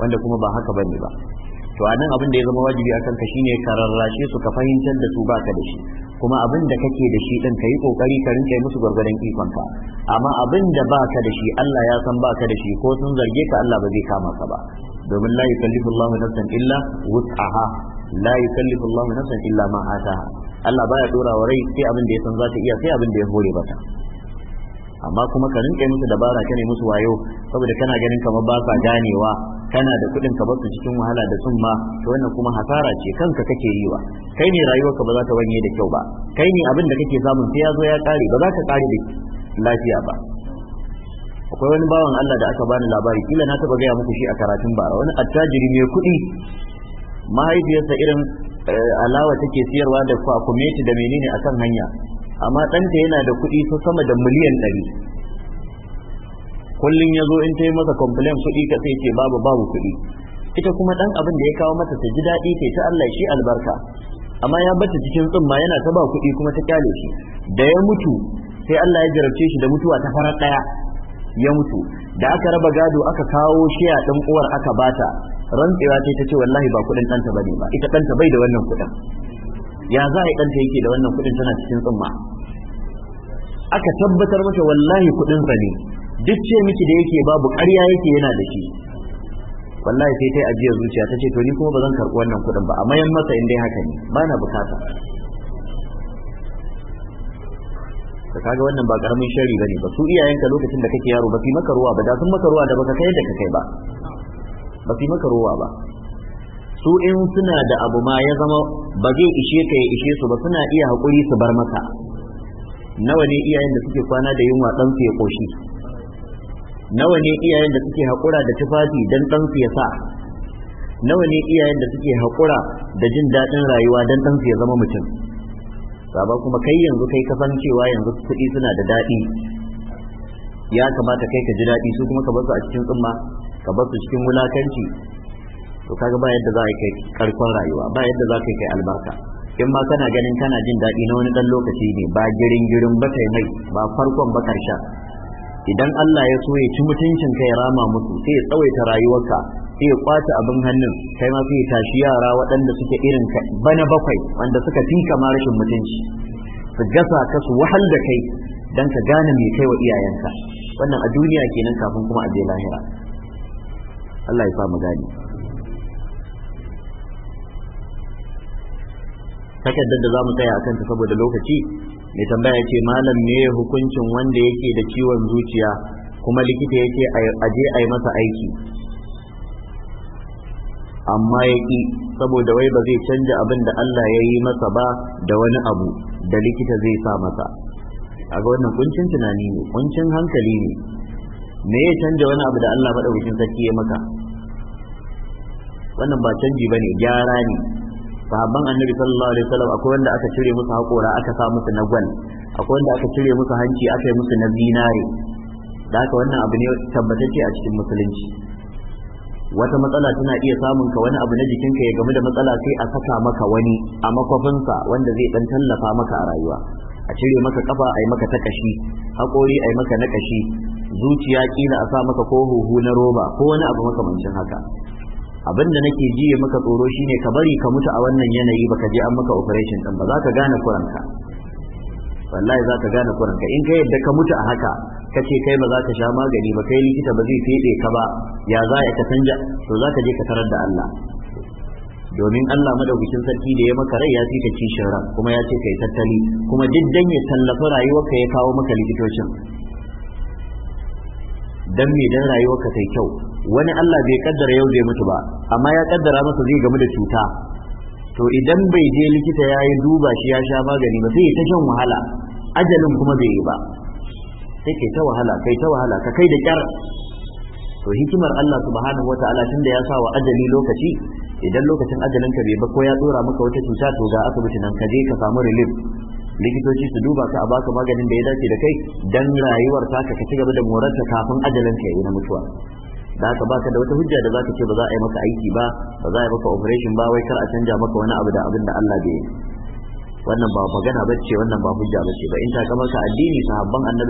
wanda kuma ba haka bane ba to anan abin da ya zama wajibi akan ka shine ka rarrashe su ka fahimtar da su baka da shi kuma abin da kake da shi din kai kokari ka rinka musu gwargwadon ikon ka amma abin da baka da shi Allah ya san baka da shi ko sun zarge ka Allah ba zai kama ka ba domin la yukallifu Allahu nafsan illa wus'aha la yukallifu Allahu nafsan illa ma ataha Allah baya dora wa rai sai abin da ya san za ta iya sai abin da ya hore mata amma kuma ka rinka musu dabara ka ne musu wayo saboda kana ganin kamar ba sa ganewa kana da kuɗin ka basu cikin wahala da sun ma to wannan kuma hasara ce kanka kake yi wa kai ne rayuwarka ba za ta wanye da kyau ba kai ne abin da kake samun sai ya zo ya kare ba za ka kare da lafiya ba akwai wani bawan Allah da aka bani labari kila na taba gaya muku shi a karatun bara wani attajiri mai kuɗi mahaifiyarsa irin Eh, alawa take siyarwa da kwakumeti da menene a kan hanya amma ɗanta yana da kuɗi su sama da miliyan ɗari kullum ya zo in ta yi masa complain kuɗi ka sai ce babu babu kuɗi ita kuma ɗan abin da ya kawo mata ta ji daɗi ta ta Allah shi albarka amma ya bata cikin tsumma yana ta ba kuɗi kuma ta kyale shi da ya mutu sai Allah ya jarabce shi da mutuwa ta farar ɗaya ya mutu da aka raba gado aka kawo shiya ɗan uwar aka bata rantsewa ce ta ce wallahi ba kuɗin ɗanta bane ba ita ɗanta bai da wannan kuɗin ya za a yi ɗanta yake da wannan kuɗin tana cikin tsumma aka tabbatar mata wallahi kudin sa ne duk ce miki da yake babu ƙarya yake yana da shi wallahi sai ta ajiyar zuciya ta ce to ni kuma ba zan karɓi wannan kuɗin ba a mayan masa in dai haka ne ba na bukata ka kaga wannan ba karamin shari bane ba su iyayenka lokacin da kake yaro ba fi maka ruwa ba da sun maka ruwa da baka kai da ka kai ba ba su maka rowa ba su in suna da abu ma ya zama ba zai ishe ka ya ishe su ba suna iya haƙuri su bar maka nawa ne iyayen da suke kwana da yunwa ɗansu ya ƙoshi nawa ne iyayen da suke haƙura da tufafi don ɗansu ya sa nawa ne iyayen da suke haƙura da jin daɗin rayuwa don ɗansu ya zama mutum saba kuma kai yanzu kai kasan cewa yanzu kuɗi suna da daɗi ya kamata kai ka ji daɗi su kuma ka su a cikin tsumma ka bar su cikin wulakanci to kaga ba yadda za a kai karkon rayuwa ba yadda za ka kai albarka in ma kana ganin kana jin daɗi na wani ɗan lokaci ne ba girin girin ba kai mai ba farkon ba karshen idan Allah ya so ya ci mutuncin ka ya rama musu sai ya tsawaita rayuwarka sai ya kwace abin hannun kai ma sai ya tashi yara waɗanda suke irin ka bana bakwai wanda suka fi kama rashin mutunci su gasa ka su wahal da kai dan ka gane me kai wa iyayenka wannan a duniya kenan kafin kuma a je lahira Allah ya samu gani takardar da za mu tsaya akan ta saboda lokaci mai tambaya ya ce malam ne hukuncin wanda yake da ciwon zuciya kuma likita yake aje a yi masa aiki amma ya ƙi saboda wai ba zai canja abin da Allah ya yi masa ba da wani abu da likita zai sa masa a ga wannan kuncin tunani ne kuncin hankali ne me ya canja wani abu da Allah madaukakin sarki ya maka wannan ba canji bane gyara ne sahabban annabi sallallahu alaihi wasallam akwai wanda aka cire musu haƙora aka sa musu na gwal akwai wanda aka cire musu hanci aka yi musu na zinare da haka wannan abu ne ce a cikin musulunci wata matsala tana iya samun ka wani abu na jikinka ya gamu da matsala sai a saka maka wani a makwafinsa wanda zai dan tallafa maka a rayuwa a cire maka kafa a yi maka ta kashi haƙori a yi maka na kashi zuciya kila a sa maka ko huhu na roba ko wani abu makamancin haka abin da nake jiye maka tsoro shine ka bari ka mutu a wannan yanayi baka je an maka operation din ba za ka gane kuranka wallahi za ka gane kuranka in ka yadda ka mutu a haka ka ce kai ba za ka sha magani ba kai likita ba zai fede ka ba ya za ya ka canja to za ka je ka tarar da Allah domin Allah madaukakin sarki da ya maka rai ya ka kishin ran kuma ya ce kai tattali kuma duk dan ya tallafa rayuwarka ya kawo maka likitocin dan me dan rayuwarka tai kyau wani Allah bai kaddara yau zai mutu ba amma ya kaddara masa zai gamu da cuta to idan bai je likita ya yi duba shi ya sha magani ba sai ta shan wahala ajalin kuma bai yi ba sai kai ta wahala kai ta wahala ka kai da kyar to hikimar Allah subhanahu wataala tunda ya sa wa ajali lokaci idan lokacin ajalin ka bai ba ko ya tsora maka wata cuta to ga asibiti nan ka je ka samu relief likitoci su duba ka a baka maganin da ya dace da kai dan rayuwar ta ka ci gaba da morarta kafin ajalin ka yi na mutuwa da ka baka da wata hujja da zaka ce ba za a yi maka aiki ba ba za a yi maka operation ba wai kar a canja maka wani abu da abin da Allah bai wannan ba magana bace wannan ba hujja bace ba in ta kamar ka addini sahabban annabi